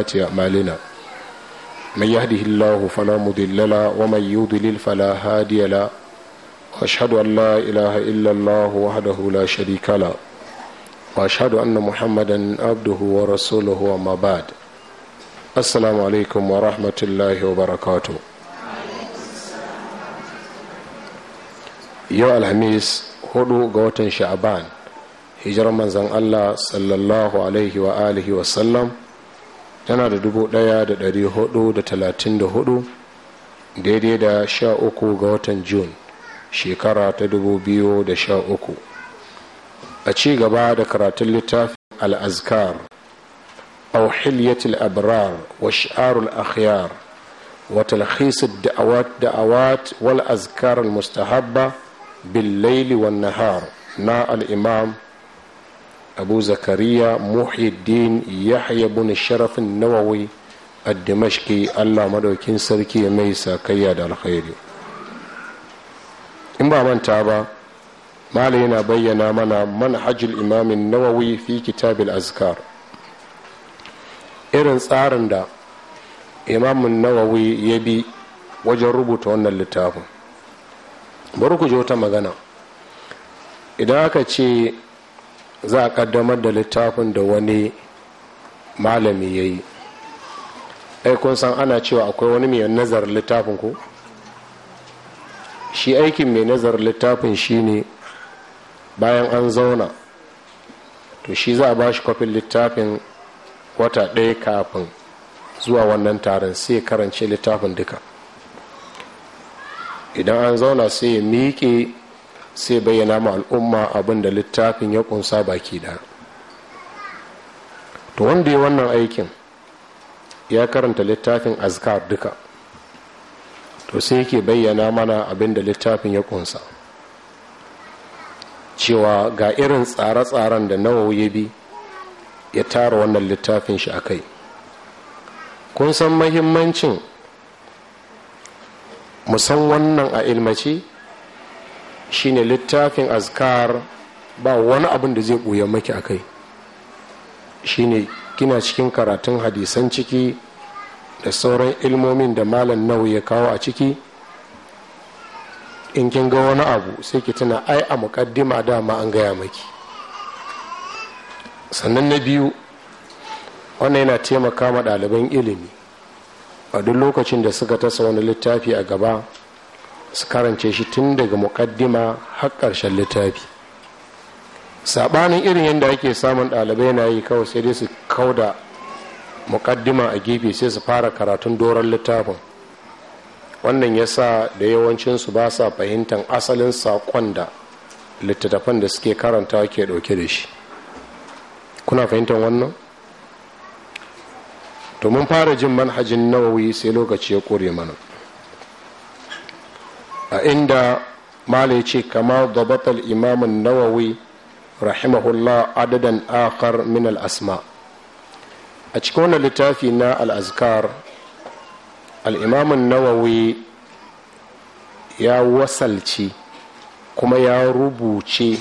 وسيئات أعمالنا من يهده الله فلا مضل له ومن يضلل فلا هادي له واشهد ان لا اله الا الله وحده لا شريك له واشهد ان محمدا عبده ورسوله وما بعد السلام عليكم ورحمه الله وبركاته yau alhamis hudu ga watan sha'aban hijirar manzan allah sallallahu alaihi wa alihi wasallam tana da dubu ɗaya da ɗari hudu da talatin da hudu daidai da sha uku ga watan june shekara ta dubu biyu da sha uku a ci gaba da karatun littafin al'azkar auhiliyatul abrar wa sha'arul akhyar wa talhisar da'awat da'awat wal azkar al mustahabba bil laili wan nahar na al-imam abu zakariya muhiddin yahya Buna sharafin nawawi a dimashki allah madaukin sarki ya mai sakayya da alkhairi in ba manta ba mala yana bayyana mana manhajul imamin nawawi fi kitabil azkar irin tsarin da imamin nawawi ya bi wajen rubuta wannan littafin bari ku ji wata magana idan aka ce za a kaddamar da littafin da wani malami ya yi ai kun san ana cewa akwai wani mai nazar littafin ko shi aikin mai nazar littafin shine bayan an zauna to shi za a ba shi kwafin littafin wata ɗaya kafin zuwa wannan taron sai ya karance littafin duka idan an zauna sai ya miƙe sai bayyana ma al'umma abin da littafin ya kunsa baki da to wanda ya wannan aikin ya karanta littafin azkar duka to sai yake bayyana mana abin da littafin ya kunsa cewa ga irin tsare-tsaren da nawa ya bi ya tara wannan littafin shi a kai kun san mahimmancin musan wannan a ilmace shine littafin azkar ba wani abin da zai ɓuya maki a kai shine kina cikin karatun hadisan ciki da sauran ilmomin da malam nau ya kawo a ciki in kin ga wani abu sai ki tuna ai a muƙaddima dama an gaya maki sannan na biyu wannan yana taimaka ma ɗaliban ilimi a duk lokacin da suka tasa wani littafi a gaba su karance shi tun daga muƙaddima har ƙarshen littafi saɓanin irin yadda ake samun ɗalibai na yi kawai sai dai su kauda muƙaddima a gefe sai su fara karatun doron littafin wannan ya sa da yawancinsu ba sa fahimtar asalin saƙon da littattafan da suke karanta ke ɗauke da shi kuna fahimtar wannan to mun fara jin manhajin nawawi sai lokaci ya kore mana a inda mala ya ce kama dabatal imamun nawawi rahimahullah adadan akar min al-asma a cikin wannan littafi na al-azkar al-imamun nawawi ya wasalci kuma ya rubuce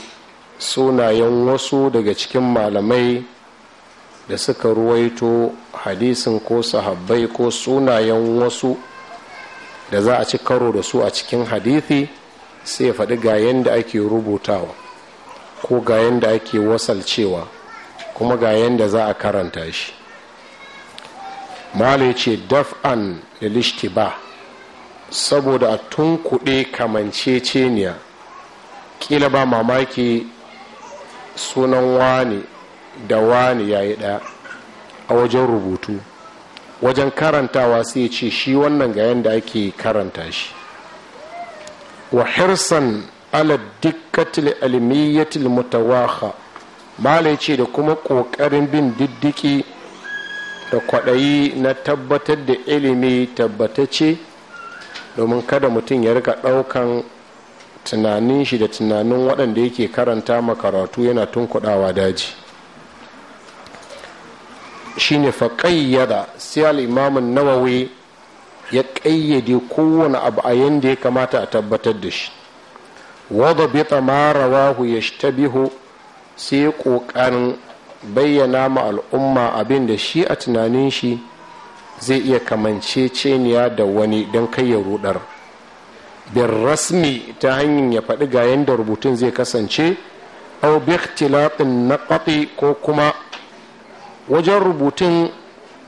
sunayen wasu daga cikin malamai da suka ruwaito hadisin ko sahabbai ko sunayen wasu da za a ci karo da su a cikin hadithi sai ya faɗi ga yadda ake rubutawa ko ga yadda ake wasalcewa kuma ga yadda za a karanta shi mala ce daf'an da ba saboda a tunkuɗe kamanceceniya kila ba mamaki sunan wani da wani yayi ɗaya a wajen rubutu wajen karantawa sai ce shi wannan ga yadda ake karanta shi wa hirsan ala dikkatil alimiyyatil mutawaha malai ce da kuma ƙoƙarin bin diddiki da kwaɗayi na tabbatar da ilimi tabbatace domin kada mutum ya rika ɗaukan tunanin shi da tunanin waɗanda yake karanta makaratu yana tunkuɗawa daji shine fa qayyada sai al-imam an ya ƙayyade kowane abu a yanda ya kamata a tabbatar da shi wadda bita ma rawahu ya bihu sai ƙoƙarin bayyana ma al'umma abin da shi a tunanin shi zai iya kamance ceniya da wani don kai ya rudar bin rasmi ta hanyar ya faɗi ga yadda rubutun zai kasance au bi na naqati ko kuma wajen rubutun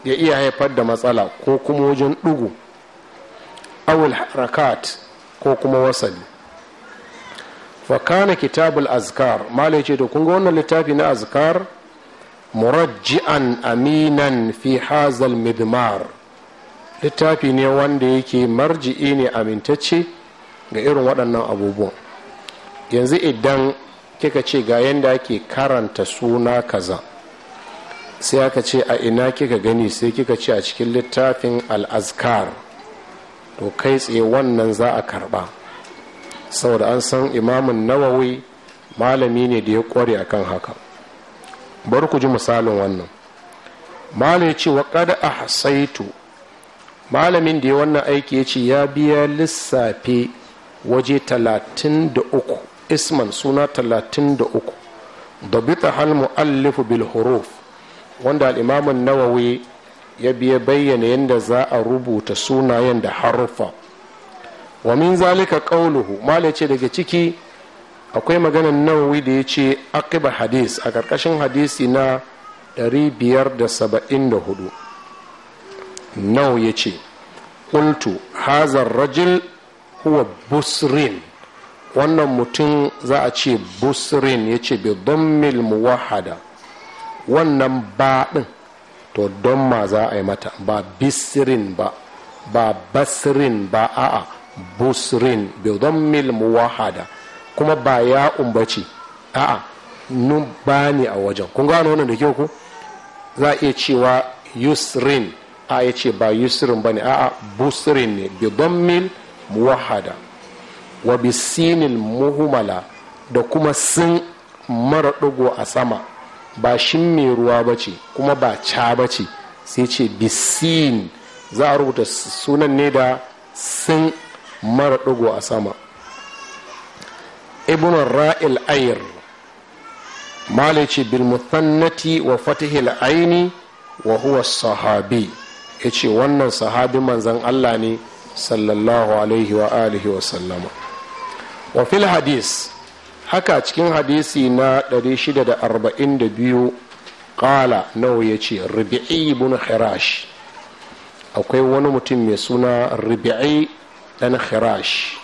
ya iya haifar da matsala ko kuma wajen ɗugu awul rakat ko kuma wasali fakana kitabul azkar malai ce to kun ga wannan littafi na azkar murajji'an aminan fi hazal midmar littafi ne wanda yake marji'i ne amintacce ga irin waɗannan abubuwan yanzu idan kika ce ga yadda ake karanta suna kaza sai aka ce a ina kika gani sai kika ce a cikin littafin al'azkar to kai tsaye wannan za a karba saboda an san imamun nawawi malami ne da ya kware akan haka bar ku ji misalin wannan malai ya ce wa kada a hasaitu malamin da ya wannan aiki ya ce ya biya lissafi waje talatin isman suna talatin da uku da bita hal mu'allifu bil huruf wanda al'imamun nawawi ya biya bayyana yadda za a rubuta sunayen da haruffa wa min zalika qauluhu mala ce daga ciki akwai maganar nawawi da ya ce akiba hadis a ƙarƙashin hadisi na 574 nawa ya ce kultu hazar rajil huwa busrin wannan mutum za a ce busrin ya ce bi muwahada wannan ba ɗin to don ma za a yi mata ba bisirin ba ba basirin ba a'a busrin bi mil muwahada kuma ba ya umbaci a'a nun ba ne a wajen kun gano wannan da kyau ku za a iya cewa yusrin a ya ce ba yusrin ba ne a'a busrin ne bi mil muwahada wa bisinil muhumala da kuma sin mara dugo a sama ba shin mai ruwa ba ce kuma ba ca ba ce sai ce bisin za a rubuta sunan ne da sin mara ɗigo a sama ibn ra'il ayr malici bil muthannati wa fatihil aini wa huwa sahabi yace wannan sahabi manzon Allah ne sallallahu alaihi wa alihi wa sallama wa fil hadith haka cikin hadisi na 642 kala nawa ya ce rubi'i ibn hirash akwai wani mutum mai suna rubi'i dan hirash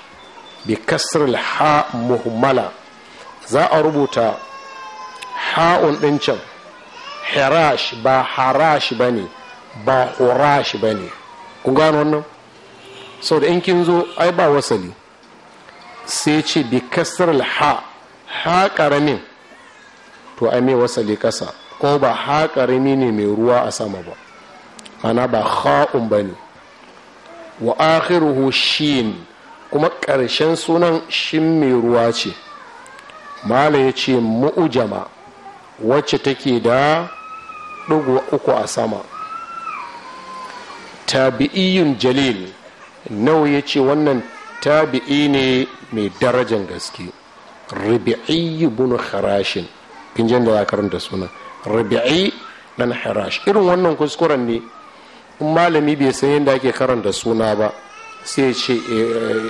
bi kasar ha muhammala za a rubuta ha'un din can hirash ba harash ba ne ba hurash ba ne Ku gano wannan sau da in kin zo ai ba wasali sai ce bi kasar ha ha ƙaramin to a mai wasali ƙasa ko ba haƙarami ne mai ruwa a sama ba mana ba ha'un ba ne wa akhiruhu shin kuma ƙarshen sunan shin mai ruwa ce mala ya ce mu'ujama wacce take da ɗigo uku a sama tabi'iyun jalil nawa ya ce wannan tabi'i ne mai darajan gaske ribi'i bin harashin kin da ya karanta suna rabi'i dan harash irin wannan kuskuren ne in malami bai san yadda ake karanta suna ba sai ya ce eh,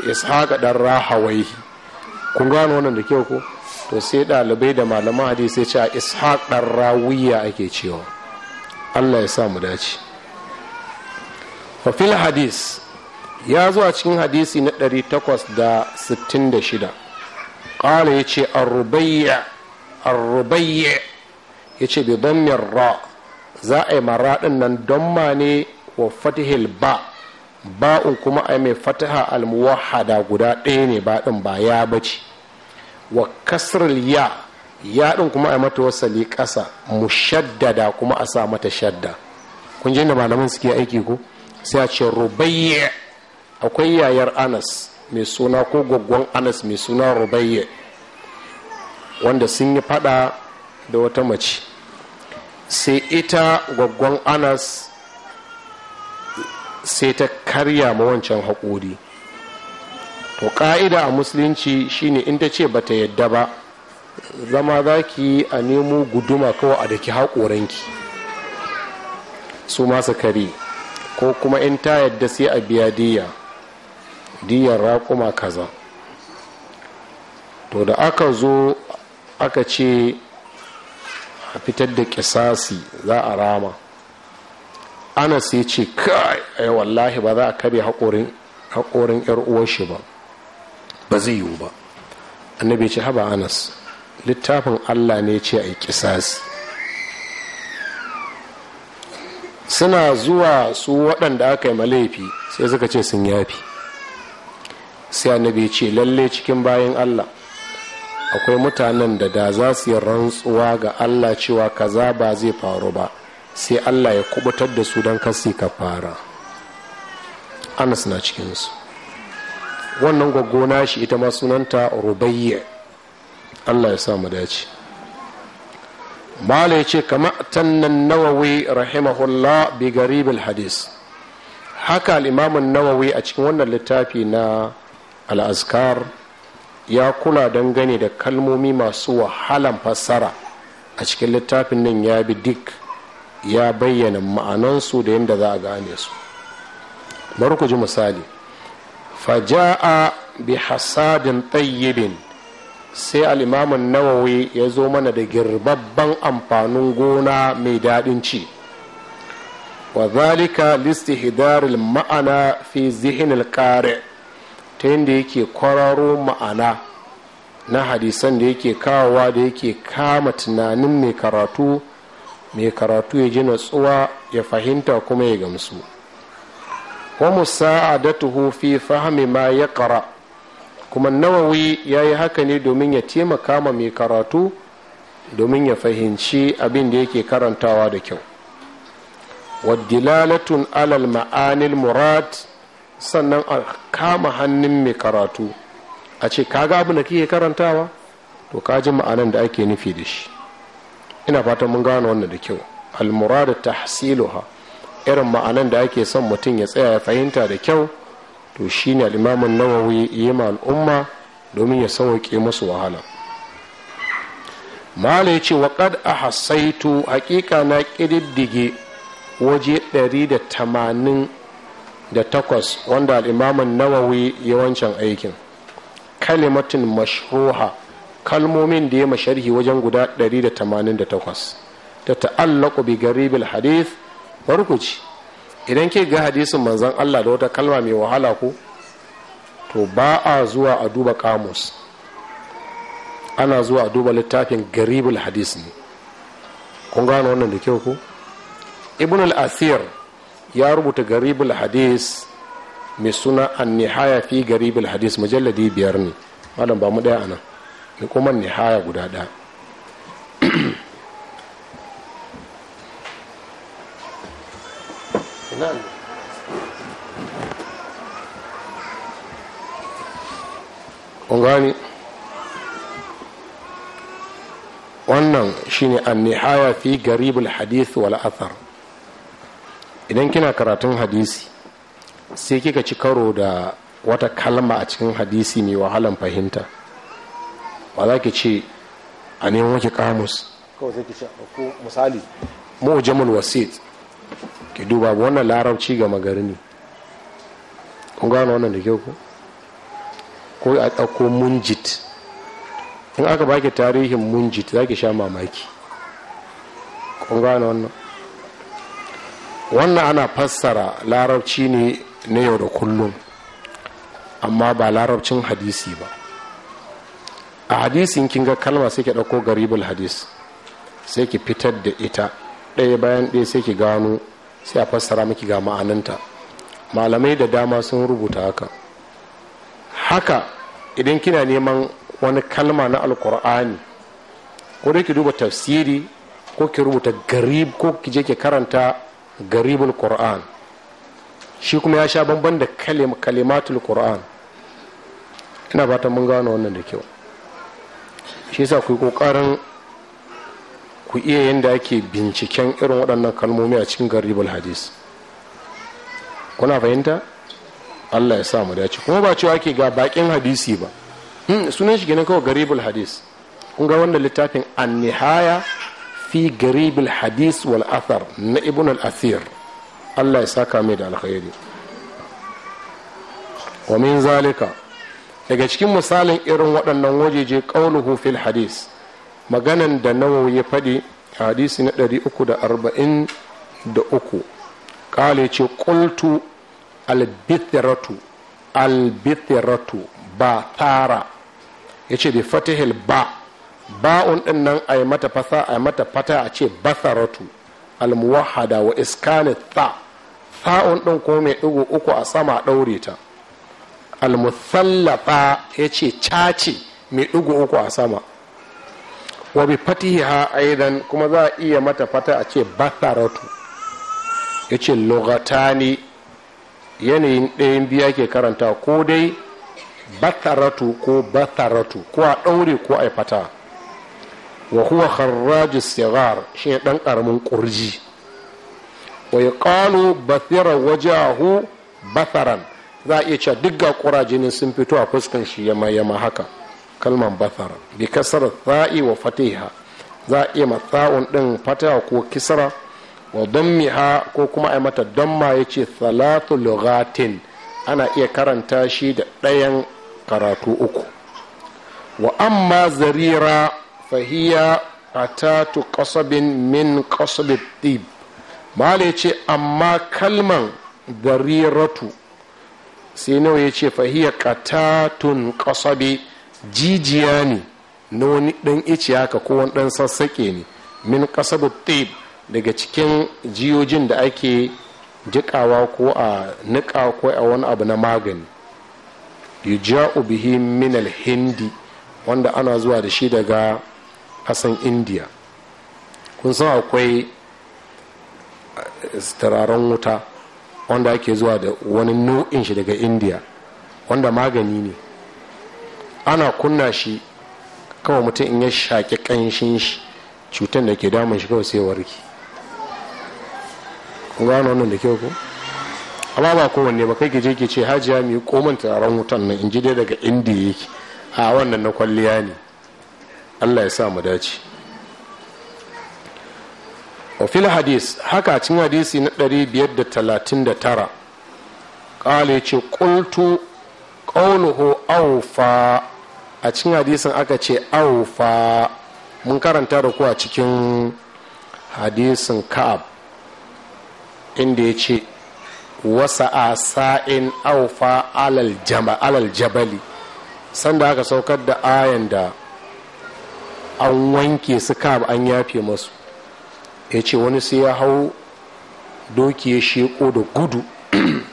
eh, ishaqa dan rahawai kun gano wannan da kyau ko to sai dalibai da malaman hadisi ce a ishaq ɗan rawiya ake cewa allah ya sa mu dace fafil hadis ya zuwa cikin hadisi na 866 ƙala yace ce arrubayya arrubayya ya ce bi min ra za a yi mara nan don ma ne wa fatihil ba ba'un kuma a mai fataha almuwahada guda ɗaya ne ba din ba ya bace wa kasril ya ya din kuma a mata wasali ƙasa mushaddada kuma a sa mata shadda kun ji na malaman suke aiki ko sai a ce rubayya akwai yayar anas mai suna ko gwaggon anas mai suna rubayya wanda sun yi fada da wata mace sai ita gwaggon anas sai ta karya ma wancan haƙuri to ƙa'ida a musulunci shine in ta ce bata yadda ba zama za ki a nemo guduma kawai a daki haƙoranki su masu kare ko kuma in ta yadda sai a biya diya diyar raƙuma kaza to da aka zo aka ce a fitar da kisasi za a rama anas ya ce kai wallahi ba za a kare haƙorin yar uwarshi ba ba zai yiwu ba annabi ce haba anas littafin allah ne ce a yi kisasi suna zuwa su waɗanda aka yi malefi sai suka ce sun yafi sai annabi ya ce lalle cikin bayan allah akwai mutanen da da za su yi rantsuwa ga allah cewa kaza ba zai faru ba sai allah ya kubutar da su don kasi ka fara anas na cikinsu wannan gwaggona shi ita ma sunanta rubayya allah ya sa mu dace mala ya ce kama tannan nawawi rahimahullah bi garibul hadis haka al'imamun nawawi a cikin wannan littafi na al'azkar ya kula dangane da kalmomi masu wahalan fassara a cikin littafin nan ya bi dik ya bayyana ma'anansu da yadda za a gane su bari ku ji misali faja'a bi hasadin tayyibin sai al'imamin nawawi ya zo mana da girbabban amfanin gona mai daɗin ci wa zalika listihidaril ma'ana fi zihinil kare ta yadda yake kwararo ma'ana na hadisan da yake kawowa da yake kama tunanin mai karatu mai karatu ya ji natsuwa ya fahimta kuma ya gamsu wa musa'adatuhu fi fahmi ma ya kara kuma nawawi ya yi haka ne domin ya taimaka ma mai karatu domin ya fahimci abin da yake karantawa da kyau wadilalatun alal ma'anil murad sannan a kama hannun mai karatu a ce kaga abin da kike karantawa to ka ji ma'anan da ake nufi da shi ina fatan mun gane wannan da kyau almurada tahsiluha irin ma'anan da ake son mutum ya tsaya ya fahimta da kyau to shine al-imamun nawawi yi ma al'umma domin ya sauke musu wahala mala ya ce wa a ahsaitu haƙiƙa na kididdige waje 180 da takwas wanda al'imamin nawawi yawancin aikin kalimatin mashruha kalmomin da ya masharhi wajen guda 188 ta ta'allaku bi garibil hadith barkuci idan ke ga hadisin manzon Allah da wata kalma mai wahala ko to ba a zuwa a duba kamus ana zuwa a duba littafin garibil hadis ne kun gane wannan da kyau ko ibn al-asir ya rubuta garibul hadis mai suna an nihaya fi garibul hadis mujalladi biyar ne malam ba mu daya anan ni kuma nihaya guda daya kun gani wannan shine an nihaya fi garibul hadith wal athar idan kina karatun hadisi sai kika ci karo da wata kalma a cikin hadisi mai wahalan fahimta ba za ki ce a neman wake kamus kawai sai ki ce ko misali wasit ki duba wannan larabci ga magarini kun gano wannan da kyau ku ko a ɗauko munjit in aka baki tarihin munjit za ki sha mamaki kun gano wannan wannan ana fassara larabci ne na yau da kullum amma ba larabcin hadisi ba a hadisin kin ga kalma sai ki ɗauko garibul hadis sai ki fitar da ita ɗaya bayan ɗaya sai ki gano sai a fassara miki ga ma'ananta malamai da dama sun rubuta haka haka idan kina neman wani kalma na alkur'ani ko dai ki duba tafsiri ko ki rubuta garib ko ki je ki karanta garibul qur'an shi kuma ya sha bamban da kalimatul qur'an ina fatan mun gano wannan da kyau shi yasa ku yi kokarin ku iya yadda ake binciken irin waɗannan kalmomi a cikin garibul hadis kuna fahimta allah ya sa mu dace kuma ba cewa ake ga bakin hadisi ba hmm, sunan shi gina kawai garibul hadis kun ga wanda littafin annihaya fi garibul hadis wal athar na ibn al-asir allah ya saka mai da alkhairi wa zalika daga cikin misalin irin waɗannan wajeje ƙaunuhu fil hadis maganan da nawawi ya faɗi hadisi na 343 ƙale ce ƙultu albithiratu albithiratu ba tara yace ce bi fatihil ba ba'un din nan a yi mata fasa a yi mata fata a ce basaratu almuwahada wa iskani tha tha'un din ko mai digo uku a sama daure ta almusallafa ya ce cace mai digo uku a sama wa bi fatiha aidan kuma za a iya mata fata a ce basaratu ya ce lugatani yanayin ɗayan biya ke karanta ko dai bataratu ko basaratu ko a ɗaure ko a fata wa huwa kharraju sigar shi dan karamin kurji wa yuqalu bathira wajahu batharan za a iya cewa duk ga ne sun fito a fuskan shi yama yama haka kalman batharan bi kasar tha'i wa fatiha za a iya matsa'un din fataha ko kisra wa dammiha ko kuma a mata damma yace salatu lughatin ana iya karanta shi da ɗayan karatu uku wa amma zarira fahiya atatu kasabin min qasabit tib malai ce amma kalman dariratu sai nawa ya ce fahiya katatun qasabi jijiya ne na wani dan ice haka ko wani dan sassaƙe ne min qasabit tib daga cikin jiyojin da ake jiƙawa ko a niƙa ko a wani abu na magani ja bihi min hindi wanda ana zuwa da shi daga Kasan indiya kun san akwai eh, tararen wuta wanda ake zuwa da wani nau'in shi daga indiya wanda magani ne ana kunna shi kawai mutum in ya shaƙi ƙanshin shi cutar da ke damun shi kawai sai warki gano wannan da kyau ko amma ba kowanne ba kai je ke ce hajiya mai koman turaren wutan nan in ji dai daga indiya yake a wannan na kwalliya ne allah ya sa mu dace wafil hadis haka cin hadisi na 539 ƙale ce ƙultu ƙaunuhu awfa a cin hadisin aka ce aufa mun karanta da ku a cikin hadisin ka'ab inda ya ce wasa a sa'in alal jabali sanda aka saukar da ayan da an wanke su kab an yafe masu ya ce wani sai ya hau doki ya sheko da gudu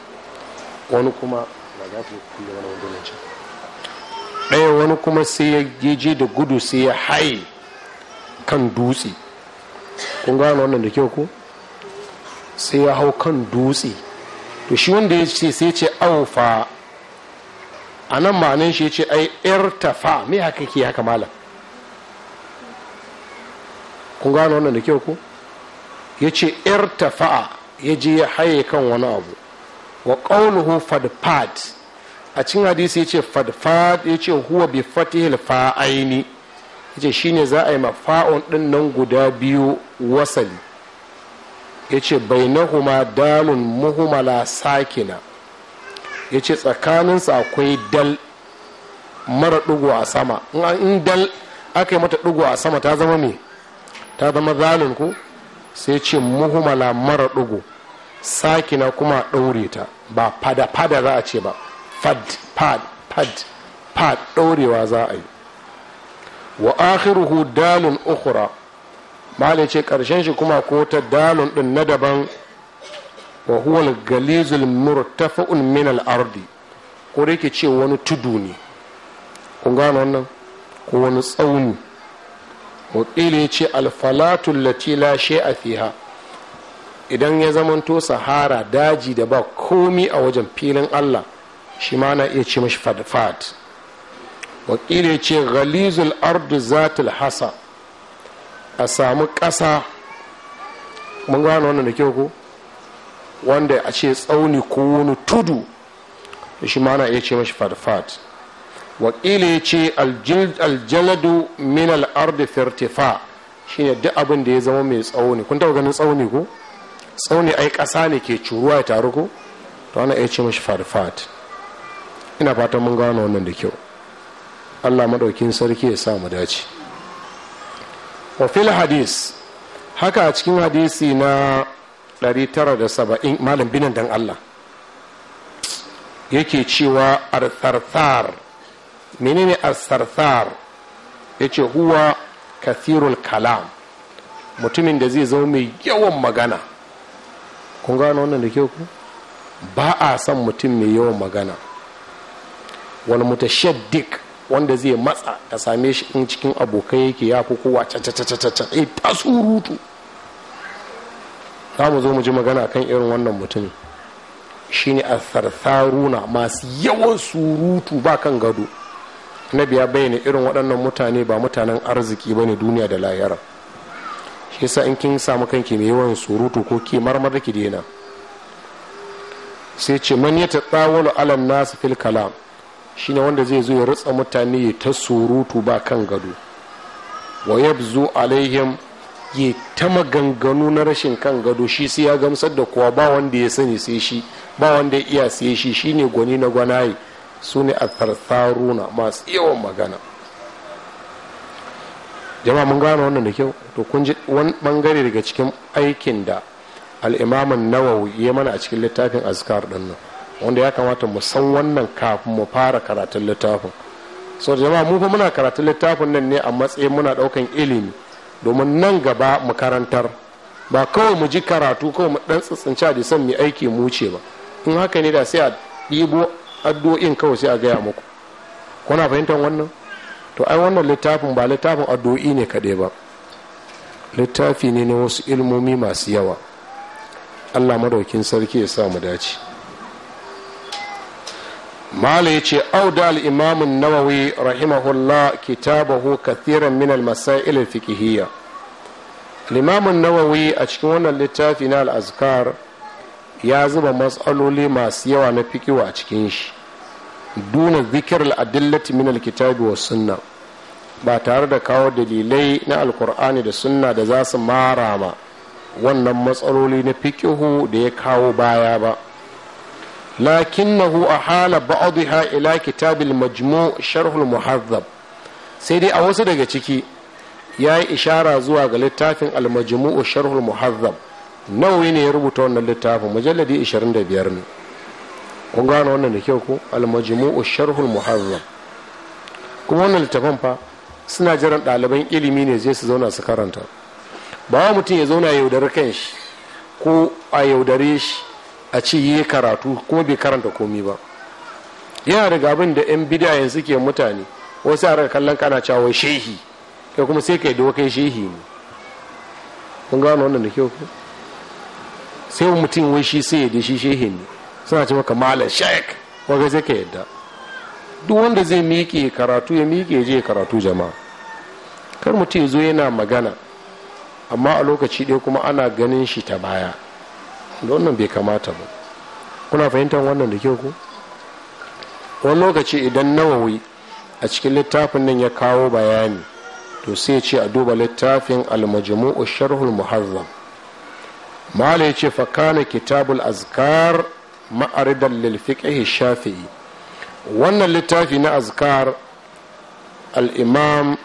wani kuma ɗaya wani kuma sai ya geje da gudu sai ya haye kan dutse kun gano wannan da kyau ko sai ya hau kan dutse to shi wanda ya ce sai ce aufa a nan ma'anin shi ya ce ai irtafa me haka ke haka malam kun gano wannan da kyau ko ya ce irtafa'a ya je ya haye kan wani abu wa qawluhu fadfad a cikin hadisi ya ce fadfad ya ce huwa bi fatihil fa'aini ya ce shine za a yi mafa'un din nan guda biyu wasali ya ce bainahuma dalun muhumala sakina ya ce tsakaninsa akwai dal mara ɗigo a sama in dal aka yi mata ɗigo a sama ta zama mai ta zama zalun ku sai ce muhumala mara ɗugu sakina kuma ɗaure ta ba fada fada za a ce ba fad fad fad fad ɗaurewa za a yi wa akhiruhu dalun ukhra malai ce ƙarshen shi kuma ko ta dalun ɗin na daban wa huwa galizul murtafa'un min ardi ko da yake ce wani tudu ne kun gano wannan ko wani tsauni wakili ya ce alfalatun latila she a fiha idan ya zamanto sahara daji da ba komi a wajen filin allah shi ma na iya ce mashi fadfad wakili ya ce ghalizul ardu zatul hasa a samu ƙasa mun gano wannan da kyau ko wanda a ce tsauni ko wani tudu shi ma na iya ce mashi fadfad wakila ya ce aljaladu min al'ardi firtifa shine duk abin da ya zama mai tsawo ne kun taɓa ganin tsauni ko tsauni ai ƙasa ne ke curuwa ya taru ko to ana iya ce mashi farfat ina fatan mun gano wannan da kyau allah maɗaukin sarki ya sa mu dace wa fil hadis haka a cikin hadisi na da saba'in malam binan dan allah yake cewa artharthar menene asarsar ya yace huwa kathirul kalam mutumin da zai zama mai yawan magana kun gano wannan da kyau ku ba a son mutum mai yawan magana wani shaddik wanda zai matsa ka same shi in cikin abokai yake ya fi kowa cacacacacaca eh, ta surutu za mu zo mu ji magana kan irin wannan mutumin shine a sarsaruna masu yawan surutu ba kan gado na ya bayyana irin waɗannan mutane ba mutanen arziki ba ne duniya da lahira shi yasa in kin samu kanki mai yawan surutu ko ke marmar ki daina sai ce man ya wani alam nasu fil kalam ne wanda zai zo ya ritsa mutane ya ta surutu ba kan gado wa zo alaihim ya ta maganganu na rashin kan gado shi sai ya gamsar da kowa ba wanda ya sani sai shi ba wanda ya iya sai shi shine gwani na gwanaye su ne a thartharuna masu yawan magana jama mun gano wannan da kyau to kun ji wani bangare daga cikin aikin da al'imaman nawawi ya mana a cikin littafin azkar din nan wanda ya kamata mu san wannan kafin mu fara karatun littafin so jama'a mu fa muna karatun littafin nan ne a matsayin muna daukan ilimi domin nan gaba mu karantar ba kawai mu ji karatu kawai mu dan tsitsinci san mu aiki mu ce ba in haka ne da sai a ɗibo addu'o'in kawai sai a gaya muku kuna fahimtar wannan to ai wannan littafin ba littafin addu'o'i ne kaɗai ba littafi ne na wasu ilmomi masu yawa allah madaukin sarki ya sa mu dace mala ya ce auda al'imamun nawawi rahimahullah kitabahu kathiran min al-masail fiqhiyya limamin nawawi a cikin wannan littafi na al'azkar ya zuba matsaloli masu yawa na fikiwa a cikin shi duna zikir al'adillati min alkitabi wa sunna ba tare da kawo dalilai na alkur'ani da sunna da za su mara ma wannan matsaloli na fikihu da ya kawo baya ba lakinnahu a hala ba'dha ila kitabil majmu' sharhul muhazzab sai dai a wasu daga ciki ya yi ishara zuwa ga littafin al-majmu' sharhul muhazzab nawa ne ya rubuta wannan littafin mujalladi 25 ne kun gano wannan da kyau ko almajmu'u sharhul muharram kuma wannan littafin fa suna jiran ɗaliban ilimi ne zai su zauna su karanta ba wa mutum ya zauna yaudari kan shi ko a yaudare shi a ce yi karatu kuma bai karanta komi ba yana daga abin da 'yan bidayen suke mutane wasu a kallon kana cewa shehi kai kuma sai kai da kai shehi ne kun gano wannan da kyau ko sai mutum wai shi sai da shi shehe ne suna ce maka malam shek waga zai ka yadda duk wanda zai miƙe karatu ya miƙe je karatu jama'a kar mutum ya zo yana magana amma a lokaci ɗaya kuma ana ganin shi ta baya da wannan bai kamata ba kuna fahimtar wannan da kyau ku wani lokaci idan nawawi a cikin littafin nan ya kawo bayani to sai ce a duba littafin almajmu'u sharhul muharram malai ce fa kitabul azkar ma'aridan lilfiƙe shafi'i wannan littafi na azkar alimam imam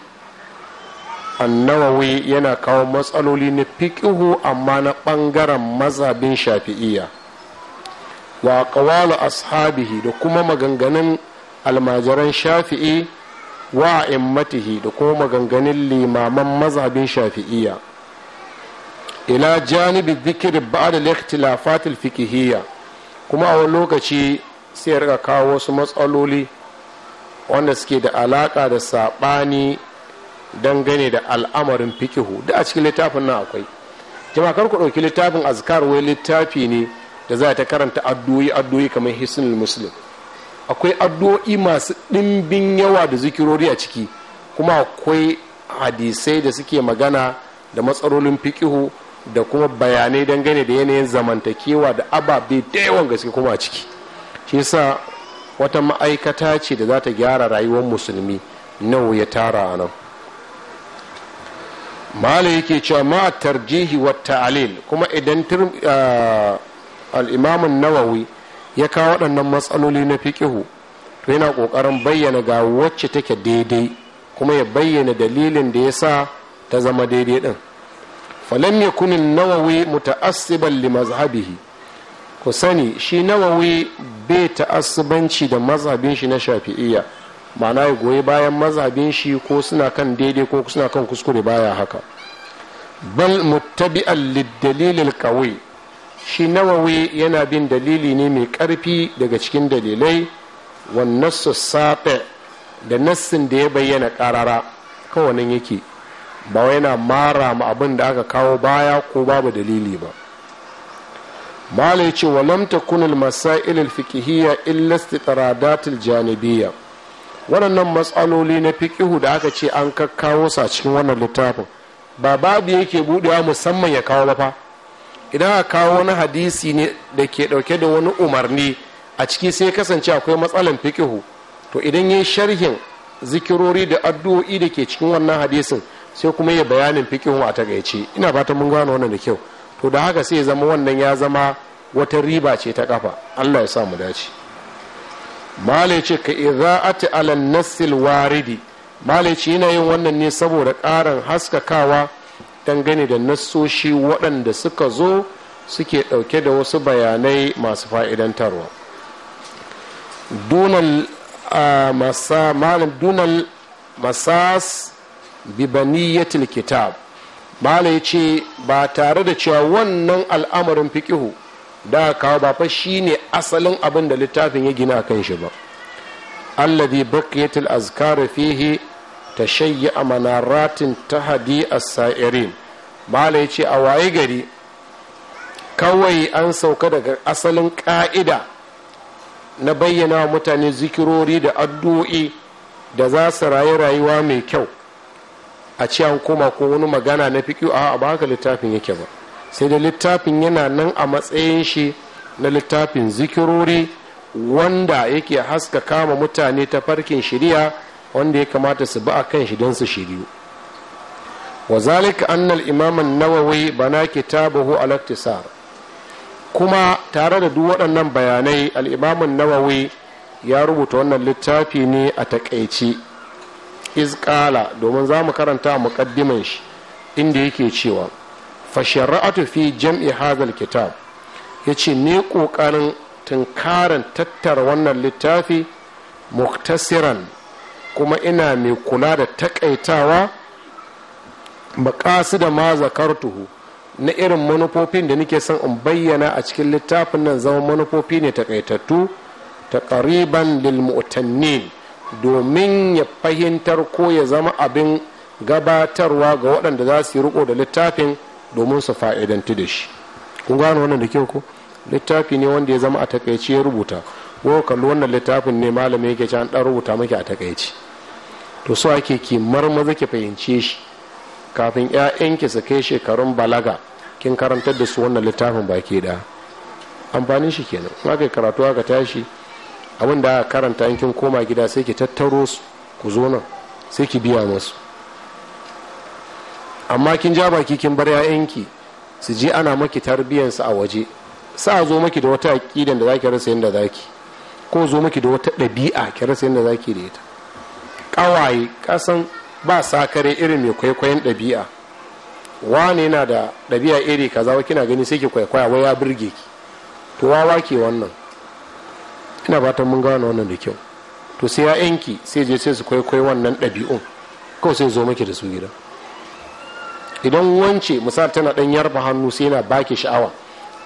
annawawi yana kawo matsaloli na fiƙihu amma na ɓangaren mazabin shafi'iya wa ƙawalu ashabihi da kuma maganganun almajiran shafi'i wa a'immatihi da kuma maganganun limaman mazabin shafi'iya ila janibi zikir ba'da ikhtilafat al-fiqhiyya kuma a wani lokaci sai rika kawo wasu matsaloli wanda suke da alaka da saɓani dangane da al'amarin fikihu da a cikin littafin nan akwai jama'a kar ku ɗauki littafin azkar wai littafi ne da za ta karanta addu'o'i addu'o'i kamar hisnul muslim akwai addu'o'i masu ɗimbin yawa da zikirori a ciki kuma akwai hadisai da suke magana da matsalolin fikihu da kuma bayanai dangane da yanayin zamantakewa da ababe da yawan gaske kuma a ciki shi sa wata ma'aikata ce da za ta gyara rayuwar musulmi nawa ya tara a nan malai yake cewa ma tarjihi wa ta'alil kuma idan al'imamin nawawi ya kawo waɗannan matsaloli na fiƙihu to yana ƙoƙarin bayyana ga wacce take daidai kuma ya bayyana dalilin da ya sa ta zama daidai ɗin falam yakun an-nawawi muta'assiban li mazhabihi ku sani shi nawawi bai ta'assubanci da mazhabin shi na shafi'iyya ma'ana ya goyi bayan mazhabin shi ko suna kan daidai ko suna kan kuskure baya haka bal muttabi'an lid-dalil qawi shi nawawi yana bin dalili ne mai karfi daga cikin dalilai wannan su da nassin da ya bayyana karara kawanan yake ba wai yana mara ma abin da aka kawo baya ko babu dalili ba mala ya ce wa lam takun al masail al fiqhiyya illa istiqradat al janibiyya waɗannan matsaloli na fikihu da aka ce an kakkawo sa cikin wannan littafin ba babu yake buɗewa musamman ya kawo ba fa idan aka kawo wani hadisi ne da ke ɗauke da wani umarni a ciki sai kasance akwai matsalan fikihu to idan yayi sharhin zikirori da addu'o'i da ke cikin wannan hadisin sai kuma ya bayanin fikihu a takaice ina bata mun gano wannan da kyau to da haka sai zama wannan ya zama wata riba ce ta kafa Allah ya sa mu dace mala ce ka idza'ati ala nasil waridi mala ce yana yin wannan ne saboda ƙarin haskakawa dangane da nassoshi waɗanda suka zo suke ɗauke da wasu bayanai masu fa'idantarwa dunal ah, masas bibaniyatul kitab bala ya ce ba tare da cewa wannan al'amarin fiƙihu da kawo ba fa shine asalin abin da littafin ya gina kan shi ba allazi baqiyatul azkar fihi tashayya manaratin tahdi as-sa'irin bala ya ce a waye gari kawai an sauka daga asalin ka'ida na bayyana mutane zikirori da addu'o'i da za su rayu rayuwa mai kyau a ce an koma ko wani magana na fiƙi a ba haka littafin yake ba sai da littafin yana nan a matsayin shi na littafin zikirori wanda yake haska kama mutane ta farkin shirya wanda ya kamata su bi a kan shi don su shiriyu wazalika annal imaman nawawi bana kitabahu al kuma tare da duk waɗannan bayanai al-imamun nawawi ya rubuta wannan littafi ne a takaici izkala domin za mu karanta muƙaddiman shi inda yake cewa fashara'atu fi jam'i hazal kitab ya ce ne kokarin tunkarin tattara wannan littafi muktasiran kuma ina mai kula da takaitawa maƙasu da ma zakartuhu na irin manufofin da nake son in bayyana a cikin littafin nan zama manufofi ne takaitattu ta ƙariban lil mu'tannin domin ya fahimtar ko ya zama abin gabatarwa ga waɗanda za su yi riko da littafin domin su fa'idantu da shi kun gano wannan da kyau ko littafi ne wanda ya zama a takaici ya rubuta ko kalli wannan littafin ne malami yake can ɗan rubuta maki a takaici to so ake ki marmaza ki fahimce shi kafin 'ya'yanki su kai shekarun balaga kin karantar da su wannan littafin baki da amfanin shi kenan ma kai karatu aka tashi abin da karanta in koma gida sai ki tattaro su ku zo nan sai ki biya masu amma kin ja baki kin bar 'ya'yanki su je ana maki tarbiyyansu a waje sa zo maki da wata aƙidan da zaki rasa yadda zaki ko zo maki da wata ɗabi'a ki rasa yadda zaki da ita ƙawaye kasan ba sakare irin mai kwaikwayon ɗabi'a wane yana da ɗabi'a iri kaza wa kina gani sai ki kwaikwaya wai ya burge ki to wawa ke wannan ina fatan mun gano wannan da kyau to sai ya yanki sai je sai su kwaikwai wannan ɗabi'un kawai sai zo maki da su gida idan wance misali tana ɗan yarfa hannu sai yana baki sha'awa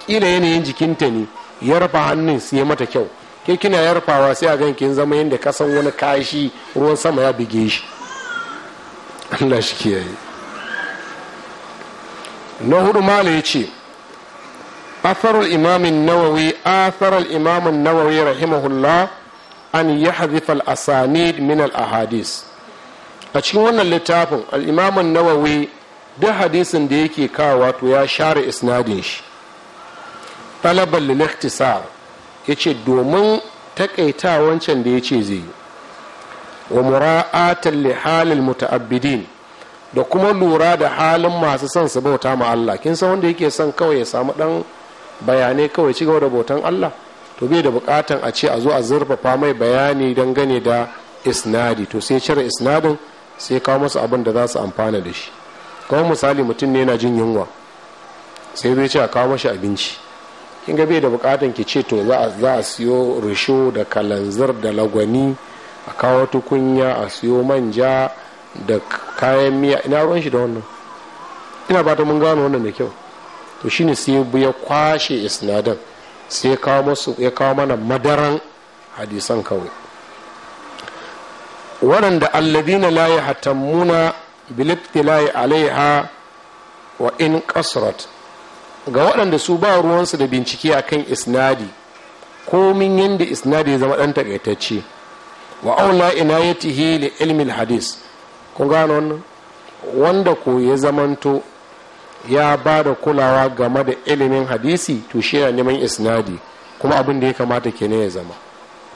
ƙila yanayin jikinta ne yarfa hannun sai mata kyau ke kina yarfawa sai a ganki zama yadda kasan wani kashi ruwan sama ya bige shi Allah shi kiyaye na hudu mala ya ce اثر imamin النووي اثر الامام النووي رحمه الله ان يحذف الاسانيد من الاحاديث اا cikin wannan littafin al-imam an-nawawi da hadisin da yake ka wato ya share isnadin shi talab al-ikhtisar yace domin taƙaita wancan da yace zai yi wa mura'at al-hal al-mutaabbidin da kuma lura da halin masu son su bauta ma Allah kin san wanda yake son kawai ya samu ɗan. bayanai kawai ci gaba da bautan Allah to bai da bukatan a ce a zo a zurfafa mai bayani gane da isnadi to sai cire isnadin sai kawo masu abin da za su amfana da shi kawo misali mutum ne yana jin yunwa sai zai ce a kawo mashi abinci kin ga bai da bukatan ki ce to za a siyo risho da kalanzir da lagwani a kawo tukunya a siyo manja da kayan miya ina ruwan shi da wannan ina ba ta mun gano wannan da kyau to shine sai ya kwashe isnadan sai ya kawo mana madaran hadisan kawai waɗanda alladina la ya hatammuna bilibtilai alaiha wa in kasrat ga waɗanda su ba ruwansu da bincike a kan isnadi komin yadda isnadi ya zama ɗan takaitacce wa aula inayatihi li ilmin hadis kun gano wanda ko ya zamanto ya ba da kulawa game da ilimin hadisi to shi yana neman isnadi kuma abin da ya kamata kenan ya zama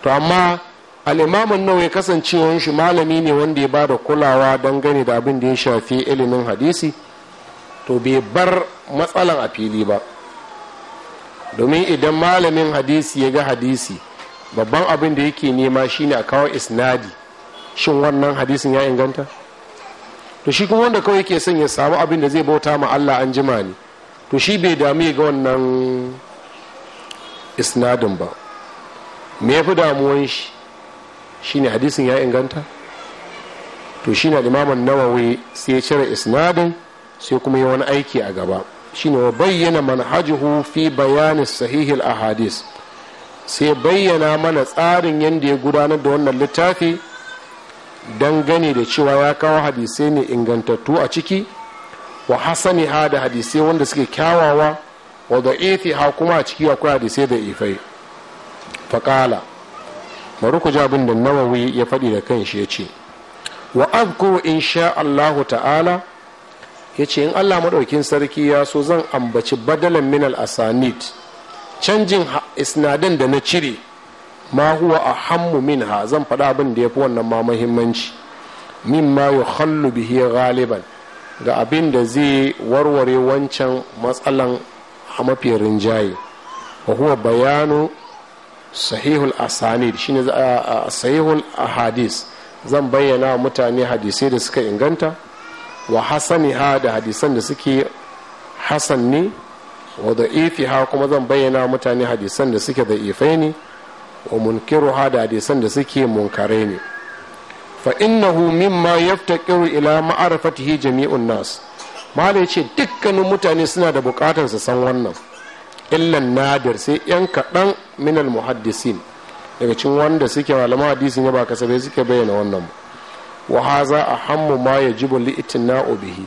to amma al'imamin nawa ya kasance shi malami ne wanda ya ba da kulawa dangane da abin da ya shafi ilimin hadisi to bai bar matsalan a fili ba domin idan malamin hadisi ya ga hadisi babban abin da yake nema shine a kawo isnadi shin wannan hadisin ya inganta to shi kuma wanda kawai yake son ya samu abin da zai bauta ma Allah an jima ne to shi bai damu ga wannan isnadin ba me ya fi damuwan shi shine hadisin ya inganta to shi na limaman nawawi sai ya cire isnadin sai kuma yi wani aiki a gaba shine wa bayyana manhajuhu fi bayani sahihil ahadis sai bayyana mana tsarin yadda ya gudanar da wannan littafi dangane da cewa ya kawo hadisai ne ingantattu a ciki wa hasani ha da hadisai wanda suke kyawawa wa da'ifi ha kuma a ciki akwai hadisai da ifai faƙala bari ku ji abin da nawawi ya faɗi da kanshi ya ce wa abku insha allahu ta'ala ya ce in allah maɗaukin sarki ya so zan ambaci badalan minal asanid canjin isnadin da na cire ma huwa a min ha zan faɗa abin da ya fi wannan ma muhimmanci yi hannu bihi galiban ga abin da zai warware wancan matsalan a mafi rinjaye wa huwa bayanu sahihul asanid shine sahihul ahadis zan bayyana mutane hadisai da suka inganta wa hasani ha da hadisan da suke hasan ne wa da'ifi ha kuma zan bayyana mutane hadisan da suke da'ifai ne wa munkiruha da hadisan da suke munkare ne fa innahu mimma yaftaqiru ila ma'arifatihi jami'un nas malai ce dukkanin mutane suna da bukatar su san wannan illan nadir sai yan kaɗan minal muhaddisin daga cikin wanda suke malama hadisi ne ba kasabe suke bayyana wannan wa haza ahammu ma yajibu li itina'u bihi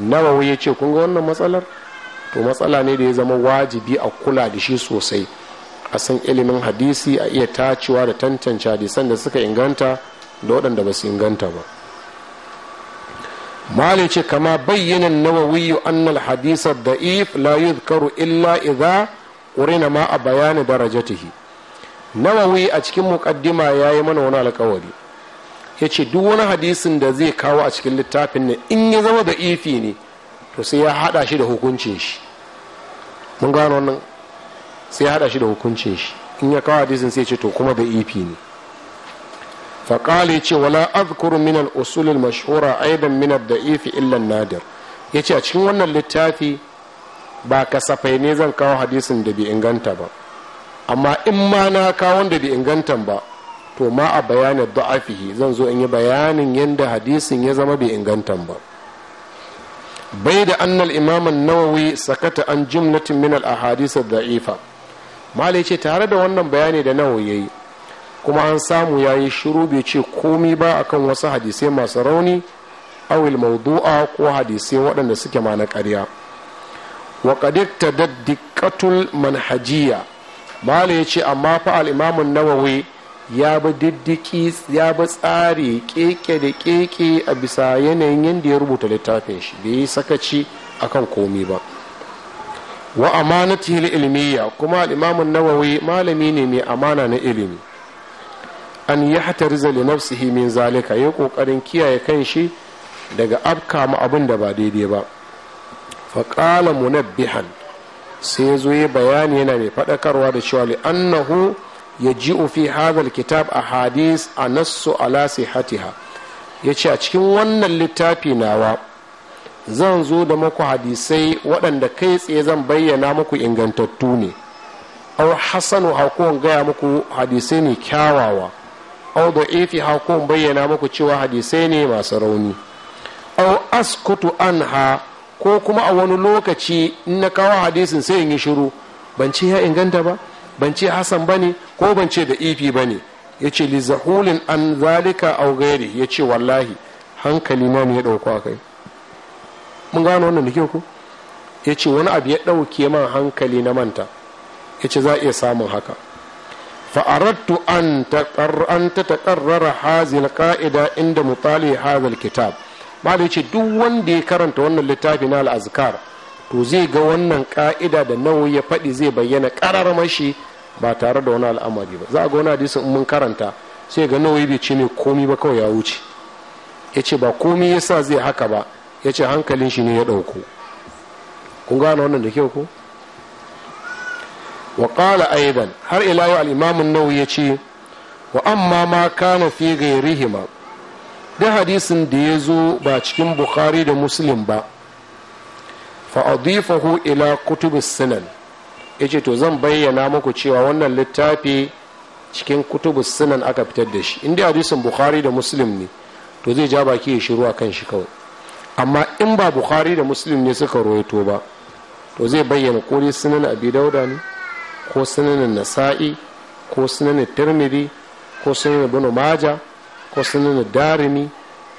nawawi yace kun ga wannan matsalar to matsala ne da ya zama wajibi a kula da shi sosai a san ilimin hadisi a iya tacewa da tantance hadisan da suka inganta da waɗanda ba su inganta ba malin ce kama bayyanin nawawi annal hadisa da'if la yuzkaru illa idza urina ma a bayani darajatihi nawawi a cikin mukaddima ya yi mana wani alkawari ya ce duk wani hadisin da zai kawo a cikin littafin nan in ya zama da ifi ne to sai ya haɗa shi da hukuncin shi mun gano wannan sai ya hada shi da hukuncin shi in ya kawo hadisin sai ce to kuma da ifi e ne faƙali ce wala azkuru min al-usul al-mashhura aidan min al daif illa al nadir yace a cikin wannan littafi ba kasafai ne zan kawo hadisin da bi inganta ba amma in ma na kawo wanda bi inganta ba to ma a bayanin da'afihi zan zo in yi bayanin yadda hadisin ya zama bi inganta ba bai da annal imaman nawawi sakata an jumlatin min al-ahadith al daifa malai ce tare da wannan bayani da nawa ya yi kuma an samu ya yi shiru bai ce komi ba akan wasu hadisai masu rauni awil maudu'a ko hadisai waɗanda suke ma na ƙarya wa qadikta daddiqatul manhajiyya malai ya ce amma fa al'imamin nawawi ya bi diddiki ya bi tsari keke da keke a bisa yanayin yadda ya rubuta littafin shi bai yi sakaci akan komi ba wa amanatihil ilmiya kuma an nawawi malami ne mai amana na ilimi an yi hatariza li nafsihi min zalika ya kokarin kiyaye kan shi daga abka mu abin da ba daidai ba faƙala munabbihan sai yazo zo ya bayani yana mai faɗakarwa da cewa annahu ya ji hadha al kitab a hadis a nassu ala sihatiha yace a cikin wannan littafi nawa zan zo da muku hadisai waɗanda kai tsaye zan bayyana muku ingantattu ne au hasanu hakon gaya muku hadisai ne kyawawa au da efi hakon bayyana muku cewa hadisai ne masu rauni au askutu anha ko kuma a wani lokaci in na kawo hadisin sai in yi shiru ban ce ya inganta ba ban ce hasan ba ne ko ban ce da ifi ba ne ya ce li zahulin an zalika au gairi ya ce wallahi hankali na ne ya ɗauko kai mun gano wannan da ke ku. ya ce wani abu ya ɗauke man hankali na manta ya ce za a iya samun haka fa'arattu an ta taƙarrara hazil ka'ida inda mutali hazil kitab ba da ce duk wanda ya karanta wannan littafi na al'azkar to zai ga wannan ka'ida da nawa ya faɗi zai bayyana ƙarar mashi ba tare da wani al'amari ba za a ga wani hadisin mun karanta sai ga nawa bai ce mai komi ba kawai ya wuce ya ce ba komi yasa zai haka ba ya ce hankalin shi ne ya ɗauko kun gane wannan da kyau ko wa ƙala aidan har ila yau al'imamun nau ya ce wa amma ma kano fi gairihima da hadisin da ya zo ba cikin bukhari da muslim ba fa'adifahu ila kutubus sunan ya ce to zan bayyana muku cewa wannan littafi cikin kutubus sunan aka fitar da shi inda hadisin bukhari da muslim ne to zai ja baki ya shiru a kan shi kawai amma in ba bukhari da muslim ne suka roito ba to zai bayyana ko ne sunan abi dauda ne ko sunan nasa'i ko sunan tirmidhi ko sunan ibn majah ko sunan darimi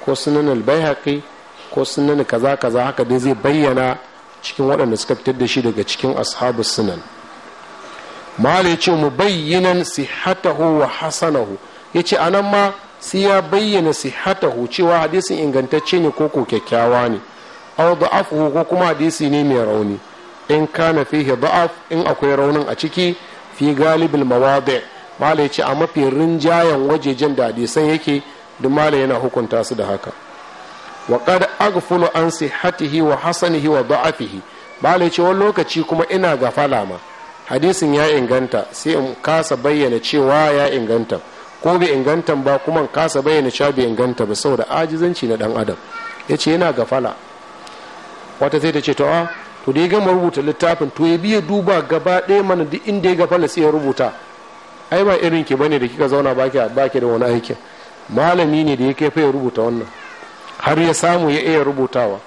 ko sunan albayhaqi ko sunan kaza kaza haka dai zai bayyana cikin waɗanda suka fitar da shi daga cikin ashabu sunan malai ce mu bayyinan sihatahu wa hasanahu yace anan ma sai ya bayyana sihatahu cewa hadisin ingantacce ne ko ko kyakkyawa ne aw da'afuhu ko kuma hadisi ne mai rauni in kana fihi da'af in akwai raunin a ciki fi galibil mawadi malai ce a mafi rinjayen wajejen da hadisan yake duk malai yana hukunta su da haka wa qad aghfulu an sihhatihi wa hasanihi wa da'afihi malai ce wani lokaci kuma ina gafala ma hadisin ya inganta sai in kasa bayyana cewa ya inganta ko bai inganta ba kuma kasa bayyana cewa bai inganta ba saboda ajizanci na dan adam ya ce yana gafala wata sai ta ce to a ah, to da ya gama rubuta littafin to ya biya duba gaba ɗaya mana duk inda ya gafala sai ya rubuta ai ba irin ki bane da kika zauna baki da wani aikin malami ne da ya kai fa ya rubuta wannan har ya samu ya iya rubutawa